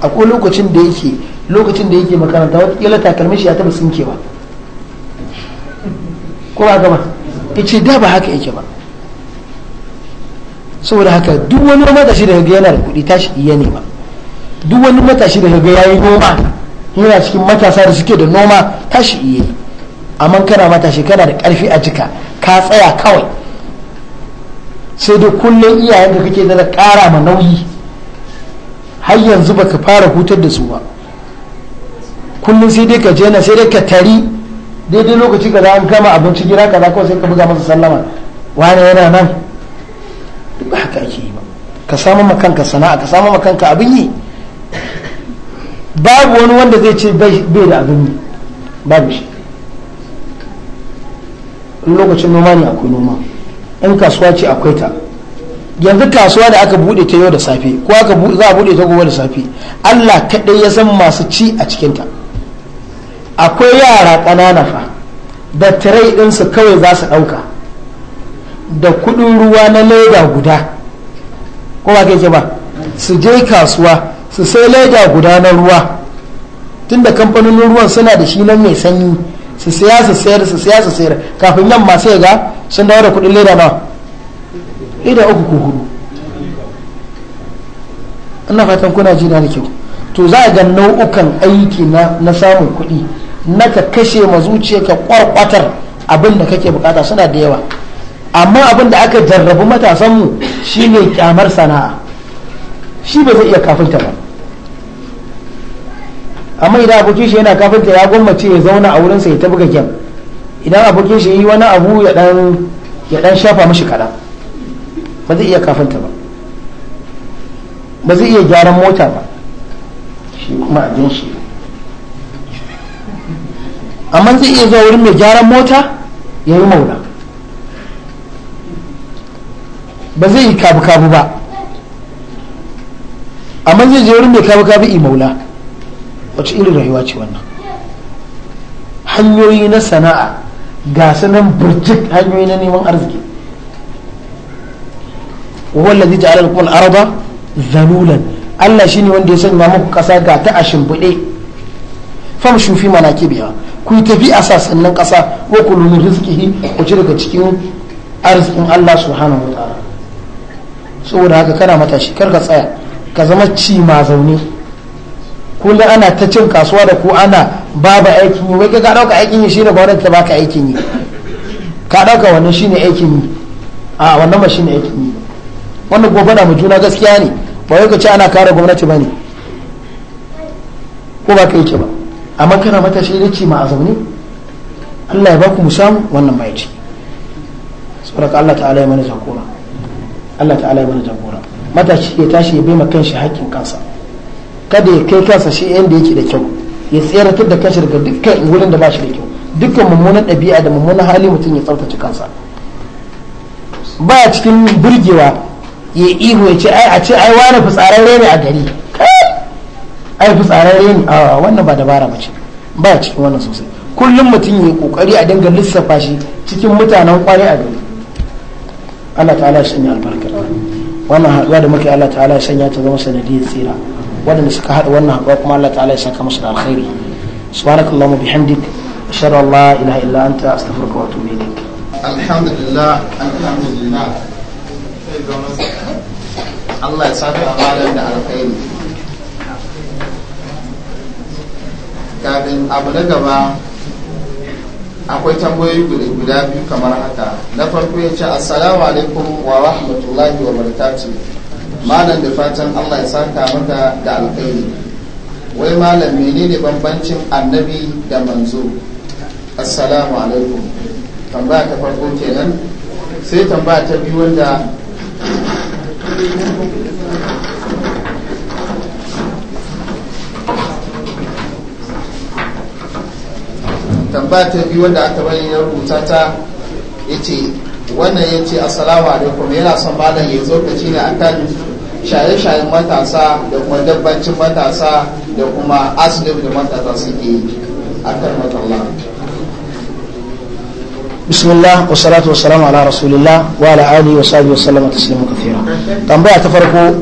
[SPEAKER 2] akwai lokacin da yake lokacin da yake makaranta wata kila takalmin shi ya taba tsinkewa ko ba gaba yace da ba haka yake ba saboda haka duk wani matashi da ga yana da kuɗi tashi iya ne ba duk wani matashi da ga yayi noma yana cikin matasa da suke da noma tashi iya yi amma kana matashi kana da karfi a jika ka tsaya kawai sai dai kullum iyayen da kake da ƙara ma nauyi har yanzu baka fara hutar da su ba kullum sai dai ka je na sai dai ka tari daidai lokaci ka an gama abinci gida ka kawai sai ka buga masa sallama wani yana nan duk ba haka ake yi ba ka samu ma kanka sana'a ka samu ma kanka abin yi babu wani wanda zai ce bai da abin yi babu shi in lokacin noma ne akwai noma in kasuwa ce akwai ta yanzu kasuwa da aka bude ta yau da safe ko aka za a bude ta gobe da safe Allah kaɗai ya san masu ci a cikin ta akwai yara ƙanana fa da tirai ɗinsu kawai za su ɗauka da kuɗin ruwa na leda guda ko ba kai ba su je kasuwa su sai leda guda na ruwa tunda kamfanonin ruwan suna da shi nan mai sanyi su siya su sayar su siya su sayar kafin yamma masu ga sun dawo da kuɗin leda na idan uku ko hudu ina fatan kuna ji na da kyau to za a ga nau'ukan aiki na na samun kuɗi na ka kashe ma zuciya ka kwarkwatar abin da kake bukata suna da yawa amma abin da aka jarrabu matasanmu shine kyamar sana'a shi ba zai iya kafinta ba amma idan abokin shi yana kafinta ya gwammace ya zauna a wurinsa ya ta buga gem idan abokin shi yi wani abu ya dan shafa mashi kaɗan ba zai iya kafinta ba ba zai iya gyaran mota ba shi kuma abin shi amma zai iya zuwa wurin mai gyaran mota ya yi maula ba zai yi kabu-kabu ba amma zai je wurin mai kabu-kabu i maula wace irin rayuwa ce wannan hanyoyi na sana'a ga sanan burjik hanyoyi na neman arziki wallazi ja'ala lakum al-arda zalulan Allah shine wanda ya sanya muku kasa ga ta a shimfiɗe famshu fi manakibiha ku tafi a sassanin kasa wa kullu min rizqihi ku ci daga cikin arzikin Allah subhanahu wa ta'ala saboda haka kana matashi kar ka tsaya ka zama ci ma zaune kullum ana ta cin kasuwa da ku ana babu aikin yi wai ka ɗauka aikin yi shine gwamnati ta baka aikin yi ka ɗauka wannan shine aikin yi a wannan ba shine aikin yi wannan gobe na mu juna gaskiya ne ba wai ka ce ana kare gwamnati ba ne ko ba ka yake ba amma kana mata shi da ci ma a zaune Allah ya ba ku mu samu wannan ba ya ce saboda Allah ta'ala ya mana jagora Allah ta'ala ya mana jagora matashi ya tashi ya bai ma kanshi haƙƙin kansa kada ya kai kansa shi yanda yake da kyau ya tseratar da kashi daga dukkan wurin da ba shi da kyau dukkan mummunan ɗabi'a da mummunan hali mutum ya tsaftace kansa ya cikin burgewa ya ihu ya ce ai a ce ai wani fitsararre ne a gari ai fitsararre ne a wannan ba dabara mace ya cikin wannan sosai kullum mutum ya kokari a dinga lissafa shi cikin mutanen kwarai a gari Allah ta'ala shi ne albarkar wannan haɗuwa da muke Allah ta'ala ya sanya ta zama sanadiyar tsira waɗanda suka haɗa wannan haɗuwa kuma Allah ta'ala ya saka musu da alkhairi subhanakallahumma bihamdik ashhadu an la ilaha illa anta astaghfiruka wa atubu ilaik alhamdulillah
[SPEAKER 1] alhamdulillah Allah ya saka amalan da alkhairi kafin abu na gaba akwai tambayoyi guda biyu kamar haka na farko ya ce assalamu alaikum wa rahmatullahi wa barakatuh malam da fatan Allah ya saka maka da alkhairi wai malam menene bambancin annabi da manzo assalamu alaikum tambaya ta farko kenan sai tambaya ta biyu wanda tambaya ta biyu wanda aka bayyana rubuta ta ya ce wannan ya ce assalamu alaikum yana son malam ya zo ka ne akan shaye-shayen matasa da kuma dabbancin matasa da kuma asilin da matasa suke yi a kan matsala
[SPEAKER 2] bismillah wa salatu wa salamu ala rasulillah wa ala alihi wa sahbihi wa sallama taslimu kafira tambaya ta farko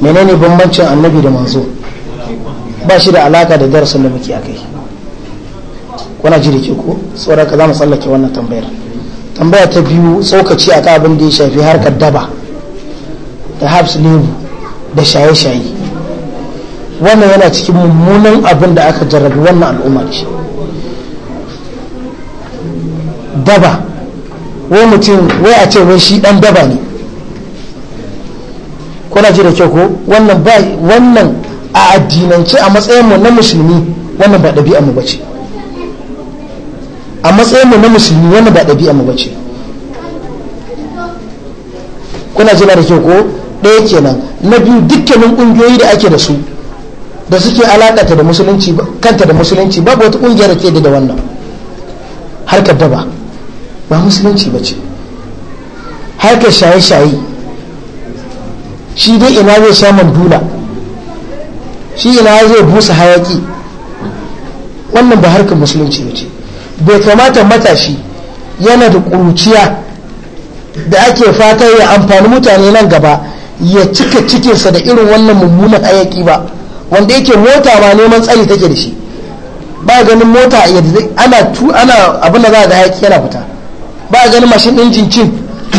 [SPEAKER 2] menene bambancin annabi da manzo ba shi da alaka da darasin da muke akai kuna ji da ke ko tsoron ka za mu tsallake wannan tambayar tambaya ta biyu tsokaci akan abin da ya shafi harkar daba da habs lebu da shaye-shaye wannan yana cikin mummunan abin da aka jarrabi wannan al'ummar shi daba wai mutum wai a ce wai shi dan daba ne kuna ji da kyau ko wannan ba wannan a addinance a matsayin mu na musulmi wannan ba dabi'a mu bace a matsayin mu na musulmi wannan ba dabi'a mu bace kuna ji da kyau ko ɗaya kenan na biyu dukkanin ƙungiyoyi da ake da su da suke alaƙata da musulunci kanta da musulunci babu wata ƙungiyar da ke da wannan harkar daba ba musulunci ba ce harkar shaye-shaye shi dai ina zai sha mandula shi ina zai busa hayaki wannan ba harkar musulunci ba ce bai kamata matashi yana da ƙuruciya da ake fatan ya amfani mutane nan gaba ya cika cikinsa da irin wannan mummunan hayaki ba wanda yake mota ba neman tsari take da shi ba ganin mota yadda ana tu ana abinda za za ga hayaki yana fita ba ganin mashin ɗin cincin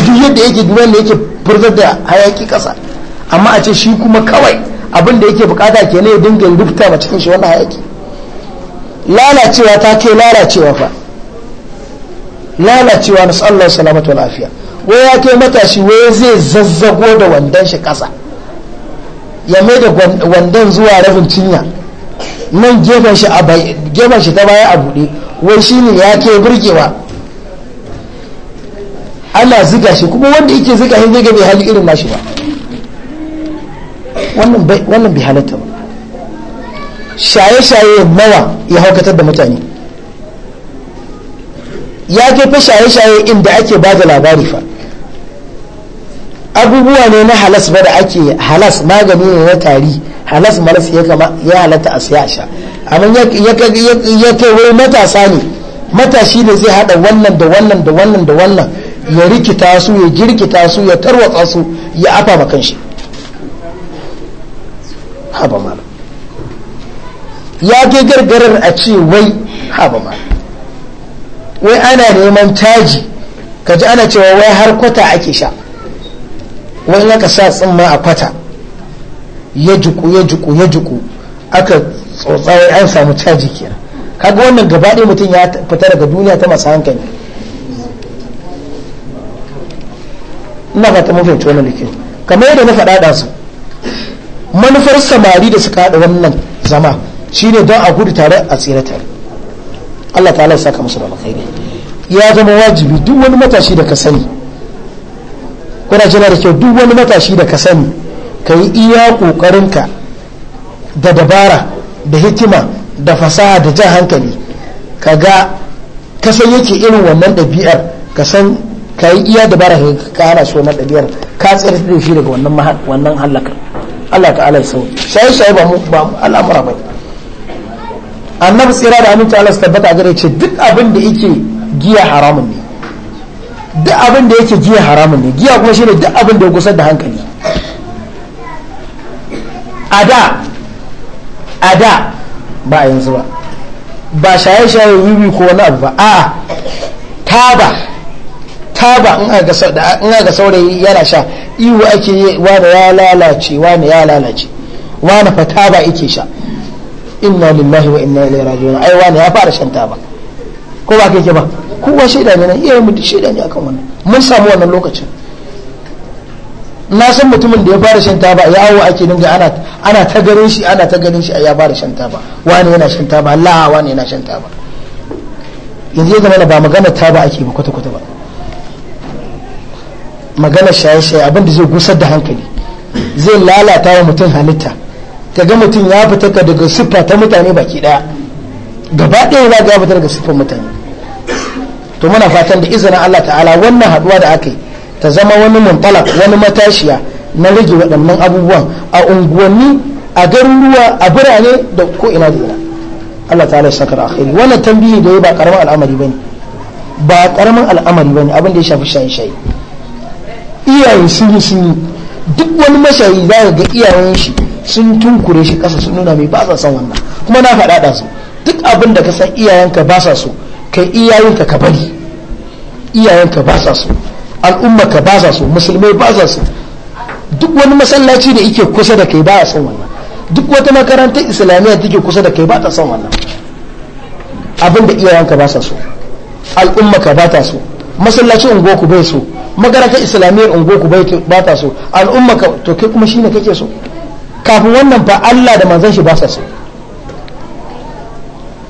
[SPEAKER 2] duk yadda yake duk wanda yake furzar da hayaki ƙasa amma a ce shi kuma kawai abin da yake bukata ke ne ya dinga rubuta ma cikin shi wannan hayaki lalacewa ta kai lalacewa fa lalacewa na sallar salamatu lafiya wai ya kai matashi wai zai zazzago da wandon shi ƙasa ya mai da wandon zuwa rabin cinya nan gefen shi ta baya a buɗe wai shi ne ya ke birgewa ana ziga shi kuma wanda yake ziga shi zai bai hali irin nashi ba wannan bai halatta ba shaye-shaye nawa ya haukatar da mutane ya kai fa shaye-shaye inda ake ba da labari fa abubuwa ne na halas ba da ake halas magani ne na tari halas malas ya kama ya halatta a siya sha amma ya kai wai matasa ne matashi ne zai hada wannan da wannan da wannan da wannan ya rikita su ya girkita su ya tarwatsa su ya afa ma kanshi haba malam ya ke gargarar a ce wai haba malam wai ana neman caji kaji ana cewa wai har kwata ake sha Wai in aka sa tsimma a kwata ya jiku ya jiku ya jiku aka tsotsawar an samu caji kenan kaga wannan gabaɗe mutum ya fita daga duniya ta masu hankali ina ba ta mafinci wannan likin kamar yadda na faɗa ɗansu manufar samari da suka haɗa wannan zama shine don a gudu tare a tsira tare Allah ta'ala sa saka musu da alkhairi ya zama wajibi duk wani matashi da ka sani kuna jina da kyau duk wani matashi da ka sani ka yi iya ƙoƙarinka da dabara da hikima da fasaha da jan hankali ka ga kasan yake irin wannan ɗabi'ar ka san ka yi iya dabara ka kara su wannan ɗabi'ar ka tsere da shi daga wannan wannan halakar Allah ka ya sau shaye shaye ba mu ba al'amura bai annabi tsira da aminta Allah tabbata gare ce duk abin da yake giya haramun ne duk abin da yake giya haramun ne giya kuma shine duk abin da ya gusar da hankali a da a da ba a yanzu ba ba shaye-shaye wiwi ko wani abu ba a taba taba in aka saurayi yana sha iwu ake yi wani ya lalace wani ya lalace wani fa taba ike sha inna lillahi wa inna ilaihi raji'un ai wani ya fara shan taba ko ba yake ba kowa shaida ne nan iyayen mu duk shaida ne akan wannan mun samu wannan lokacin na san mutumin da ya fara shan taba yawo ake dinga ana ana ta ganin shi ana ta ganin shi ya fara shan taba wani yana shan taba Allah wani yana shan taba yanzu ya zama ba magana taba ake ba kwata kwata ba magana shaye shaye abin da zai gusar da hankali zai lalata wa mutum halitta ka ga mutum ya fita daga siffa ta mutane baki daya gaba ɗaya ya ga fita daga siffar mutane to muna fatan da izinin Allah ta'ala wannan haduwa da aka yi ta zama wani muntalak wani matashiya na rage waɗannan abubuwan a unguwanni a garuruwa a birane da ko ina da ina Allah ta'ala ya saka akhiri wannan tambayi da ya ba karamin al'amari bane ba karamin al'amari bane abin da ya shafi shayi shayi iyaye sun yi sun yi duk wani mashayi za ga iyayen shi sun tunkure shi kasa sun nuna mai ba sa son wannan kuma na faɗa da su duk abin da ka san iyayenka ba sa so kai iyayenka ka bari iyayenka ba sa so al'ummarka ba sa so musulmai ba sa so duk wani masallaci da yake kusa da kai ba ya son wannan duk wata makarantar islamiyya take kusa da kai ba ta son wannan abinda iyayenka ba sa so al'ummarka ba ta so masallacin ungoku bai so makarantar islamiyyar ungoku ba ta so al'ummarka to kai kuma shine kake so kafin wannan fa Allah da manzon shi ba sa so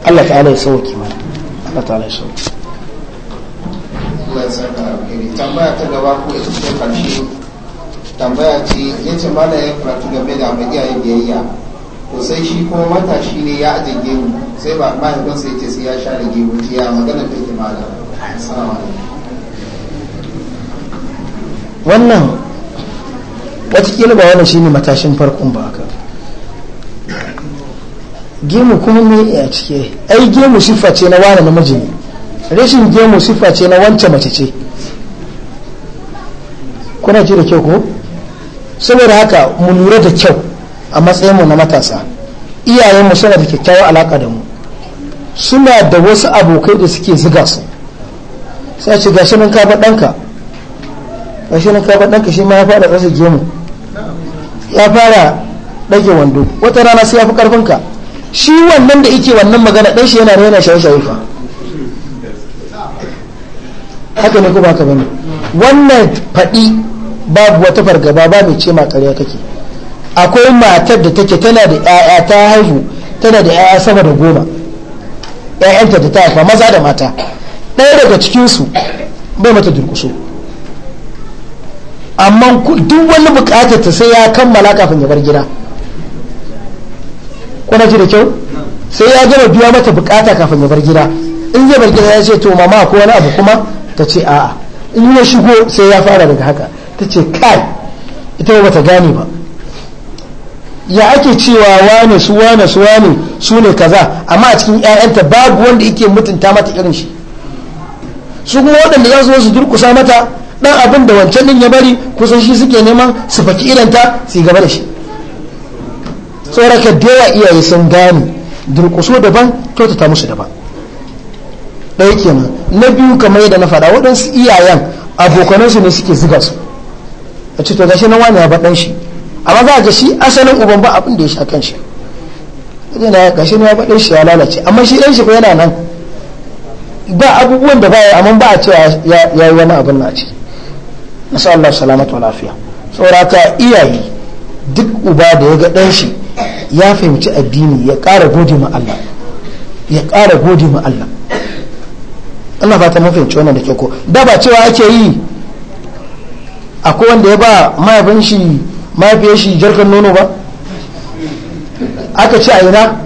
[SPEAKER 2] Allah ta'ala ya sauke mana Allah ta'ala shi
[SPEAKER 1] tambaya ta gaba ko ita ce karshe tambaya ce ya ce mana ya karatu game da mai iyaye biyayya to sai shi kuma matashi ne ya aje gemu sai ba mahaifinsa ya ce sai ya share gemu ce ya magana ta ke mala
[SPEAKER 2] wannan watakila ba wannan shine matashin farkon ba haka gemu kuma me a cike. ai gemu siffa ce na wane namiji ne rashin gemu siffa ce na wancan mace ce kuna ji da kyau ko saboda haka mu lura da kyau a matsayinmu na matasa iyayenmu suna da kyakkyawar alaka da mu suna da wasu abokai da suke ziga su sai ce gashi nan ka ɗanka gashi nan ka ɗanka shi ma ya fara ƙasa gemu ya fara ɗage wando wata rana sai ya fi ƙarfinka shi wannan da yake wannan magana ɗan shi yana yana shaye-shaye fa haka ne ku ba ka bane wannan faɗi babu wata fargaba ba mai ce ma ƙarya kake akwai matar da take tana da ƴaƴa ta haihu tana da ƴaƴa sama da goma ƴaƴanta da ta haifa maza da mata ɗaya daga cikinsu bai mata durkusu amma duk wani bukatar ta sai ya kammala kafin ya bar gida kuna ji da kyau sai ya gama biya mata bukata kafin ya bar gida in ya bar gida ya ce to mama ko wani abu kuma ta ce a'a in ya shigo sai ya fara daga haka ta ce kai ita ba ta gane ba ya ake cewa wane su wane su wane su ne kaza amma a cikin 'ya'yanta babu wanda yake mutunta mata irin shi su kuma waɗanda ya su durkusa mata dan abin da wancan din ya bari kusan shi suke neman su faki irinta su yi gaba da shi tsoraka da yawa iyaye sun gane durƙuso daban kyautata musu daban ɗaya kenan na biyu kamar yadda na faɗa waɗansu iyayen abokanansu ne suke ziga su a ce to gashi na wani ya baɗan shi amma za a ga shi asalin uban ba abin da ya sha kan shi gashi na ya baɗan shi ya lalace amma shi ɗan shi ko yana nan ba abubuwan da baya amma ba a ce ya yi wani abin na ce nasu Allah salamatu wa lafiya tsoraka iyaye duk uba da ya ga ɗan shi ya fahimci addini ya ƙara gode ma Allah ya ƙara gode ma Allah Allah ba ta mafahimci fahimci wannan da ke ko da ba cewa ake yi akwai wanda ya ba mahaifin shi mahaifiyar shi jirgin nono ba aka ce a ina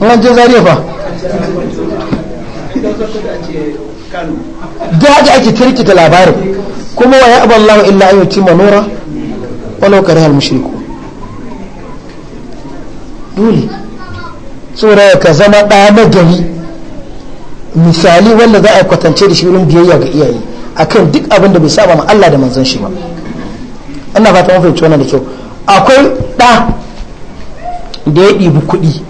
[SPEAKER 2] an je zariya fa da haka ake kirkita labarin kuma wa ya abu Allah illa ayyuti yi walau kare hal mushriku dole saboda ka zama ɗa na gari misali wanda za a kwatance da shi wurin biyayya ga iyaye akan duk abin da bai saba ma Allah da manzan shi ba ina fata mun fahimci wannan da kyau akwai ɗa da ya ɗibi kuɗi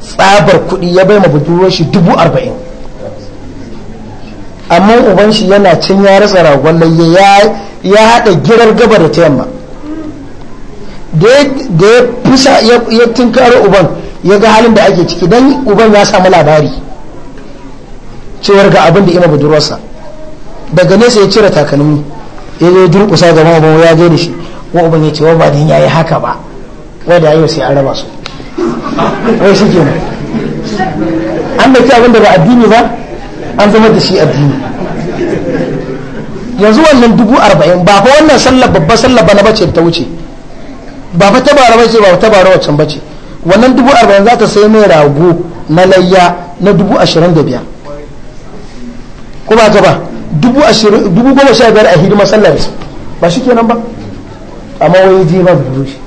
[SPEAKER 2] tsabar kuɗi ya bai ma budurwar shi dubu arba'in amma uban shi yana cin ya rasa ragon ya haɗa girar gaba da ta yamma da ya fusa ya tunkaro uban ya ga halin da ake ciki don uban ya samu labari cewar ga abin da ima budurwarsa daga nesa ya cire takalmi ya zo durkusa gama uban ya gani shi wa uban ya ce wa ba da ya yi haka ba wadda yi sai an raba su wai shi kenan an da abin da ba addini ba an zama da shi addini yanzu wannan dubu arba'in ba fa wannan sallar babbar sallar na bace ta wuce ba fa tabara ce ba tabara wacan ce wannan dubu arba'in za ta sai mai rago na layya na dubu ashirin da biyar ko ba ta ba dubu goma sha biyar a hidima sallar ba shi kenan ba amma wani ji ba buru shi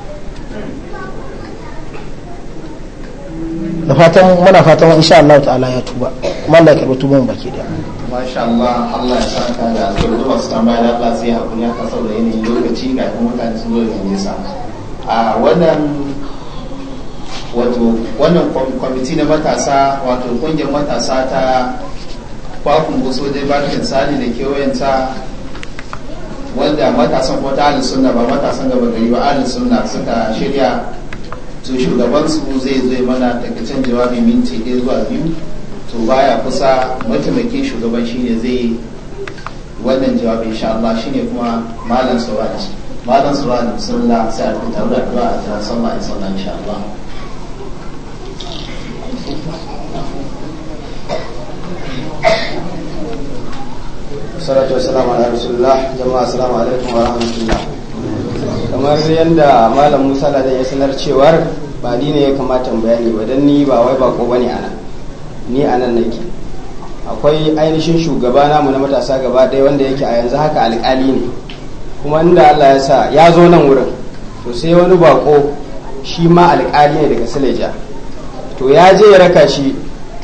[SPEAKER 2] da fatan mana fatan insha Allah ta'ala ya tuba kuma Allah ya karbi tuban baki da
[SPEAKER 1] masha Allah Allah ya saka da alƙur'ani su tambaya da Allah sai hakuri aka saboda yanayin lokaci ga kuma mutane sun zo da nisa a wannan wato wannan kwamiti na matasa wato kungiyar matasa ta kwakun goso dai barkin sali da kewayenta wanda matasan ko ta halin ba matasan gaba gari ba halin suna suka shirya to shugabansu zai zai mana can jawabin minti ɗaya zuwa biyu to baya kusa mataimakin shugaban shine zai wannan jawabin insha Allah shine kuma malam saurari malam sura da bismillah sai a rufe tare da addu'a a kira sallah in sallah insha Allah salatu wassalamu
[SPEAKER 3] ala rasulillah jama'a assalamu alaikum wa rahmatullah kamar yadda malam Musa da ya sanar cewar ba ni ne ya kamata bayani ba dan ni ba wai bako bane anan ni anan nake akwai ainihin shugaba namu na matasa gaba dai wanda yake a yanzu haka alƙali ne kuma inda Allah ya sa ya zo nan wurin to sai wani bako shi ma alƙali ne daga Sileja to ya je ya raka shi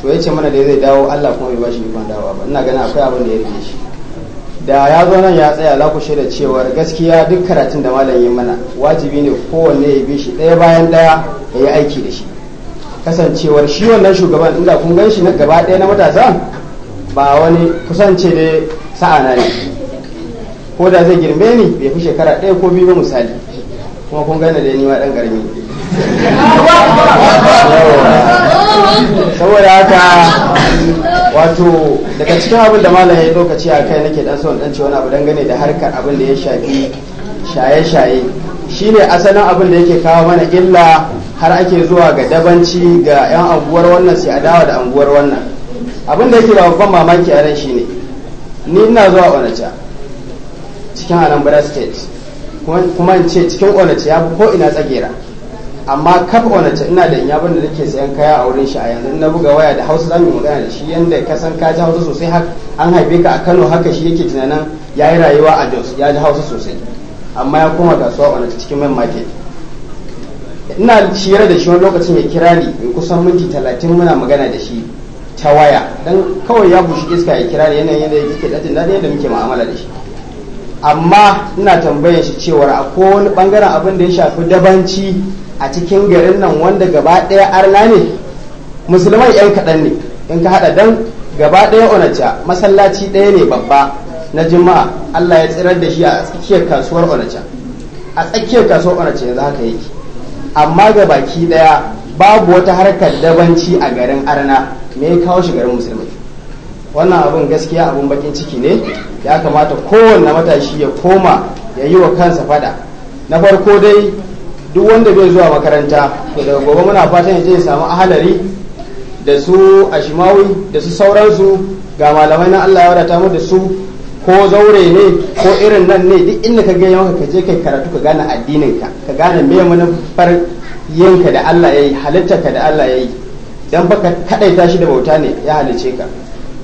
[SPEAKER 3] to ya ce mana da zai dawo Allah kuma bai ba shi ikon ba ina ganin akwai abin da ya rike shi da ya zo nan ya tsaya za ku shaida cewar gaskiya duk karatun da malam yi mana wajibi ne kowanne ya bi shi ɗaya bayan ɗaya ya yi aiki da shi kasancewar shi wannan shugaban inda kun gan shi na gaba ɗaya na matasa ba wani kusance da na ne ko da zai girme ni bai fi shekara ɗaya ko biyu ba misali kuma kun gane da ni ma ɗan ƙarami saboda haka wato daga cikin abin da malam ya lokaci a kai nake dan son dan ce wani abu dangane da harkar abin da ya shafi shaye-shaye shine asalin abin da yake kawo mana illa har ake zuwa ga dabanci ga 'yan anguwar wannan sai a dawa da anguwar wannan abin da yake da babban mamaki a shi ne ni ina zuwa can cikin anambra state kuma ce cikin onace ya fi ko ina tsagera amma kaf onace ina da yabon da nake sayan kaya a wurin shi a yanzu na buga waya da hausa zamu magana da shi yanda ka san ka ji hausa sosai an haife ka a kano haka shi yake tunanin ya yi rayuwa a jos ya ji hausa sosai amma ya koma kasuwa onace cikin man market ina ciyar da shi wani lokacin ya kira ni kusan minti talatin muna magana da shi ta waya dan kawai ya bushi iska ya kira ni yanayin yadda yake daɗin daɗin yadda muke mu'amala da shi amma ina tambayar shi cewar a wani bangaren abin da ya shafi dabanci a cikin garin nan wanda gaba ɗaya arna ne musulman 'yan kaɗan ne in ka haɗa dan gaba ɗaya onacha masallaci ɗaya ne babba na juma'a allah ya tsirar da shi a tsakiyar kasuwar onacha a tsakiyar kasuwar onacha yanzu haka yake amma ga baki ɗaya babu wata harkar dabanci a garin arna me ya kawo shi garin musulmai wannan abin gaskiya abin bakin ciki ne ya kamata kowanne matashi ya koma ya yi wa kansa fada na farko dai duk wanda bai zuwa makaranta to daga gobe muna fatan ya je ya samu ahalari da su ashimawi da su sauransu ga malamai na Allah ya ta mu da su ko zaure ne ko irin nan ne duk inda ka gaya maka ka je kai karatu ka gane addinin ka ka gane me manufar yinka da Allah yayi halittarka da Allah yayi dan baka kadaita shi da bauta ne ya halice ka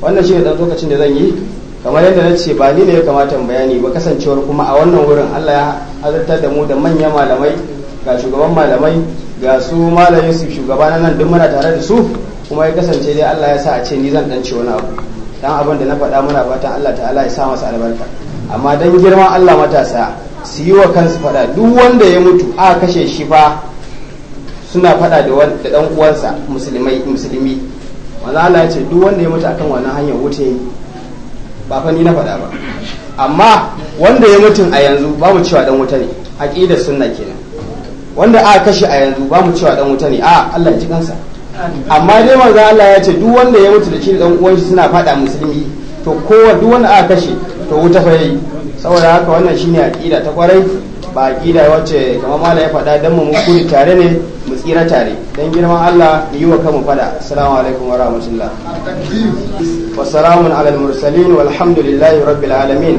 [SPEAKER 3] wannan shi ne dan lokacin da zan yi kamar yadda na ce ba ni ne ya kamata in bayani ba kasancewar kuma a wannan wurin Allah ya azartar da mu da manyan malamai ga shugaban malamai ga su malam Yusuf shugaba na nan duk muna tare da su kuma ya kasance dai Allah ya sa a ce ni zan dan ce wani abu dan abin da na faɗa muna fatan Allah ta'ala ya sa masa albarka amma dan girman Allah matasa su yi wa kansu faɗa duk wanda ya mutu a kashe shi fa suna faɗa da dan uwansa musulmi manzo Allah ya ce duk wanda ya mutu akan wannan hanyar wuce ba fa ni na faɗa ba amma wanda ya mutu a yanzu ba mu cewa dan wuta ne aqida sunna kenan wanda aka kashe a yanzu ba mu cewa dan wuta ne a Allah ya ji kansa amma dai manzo Allah ya ce duk wanda ya mutu da shi dan uwan shi suna faɗa musulmi to kowa duk wanda aka kashe to wuta fa yayi saboda haka wannan shine aqida ta kwarai ba gida wacce kamar mala ya faɗa don mu kuri tare ne mu tsira tare don girman Allah yi wa kanmu faɗa assalamu alaikum wa rahmatullah wa salamun alal mursalin walhamdulillahi rabbil alamin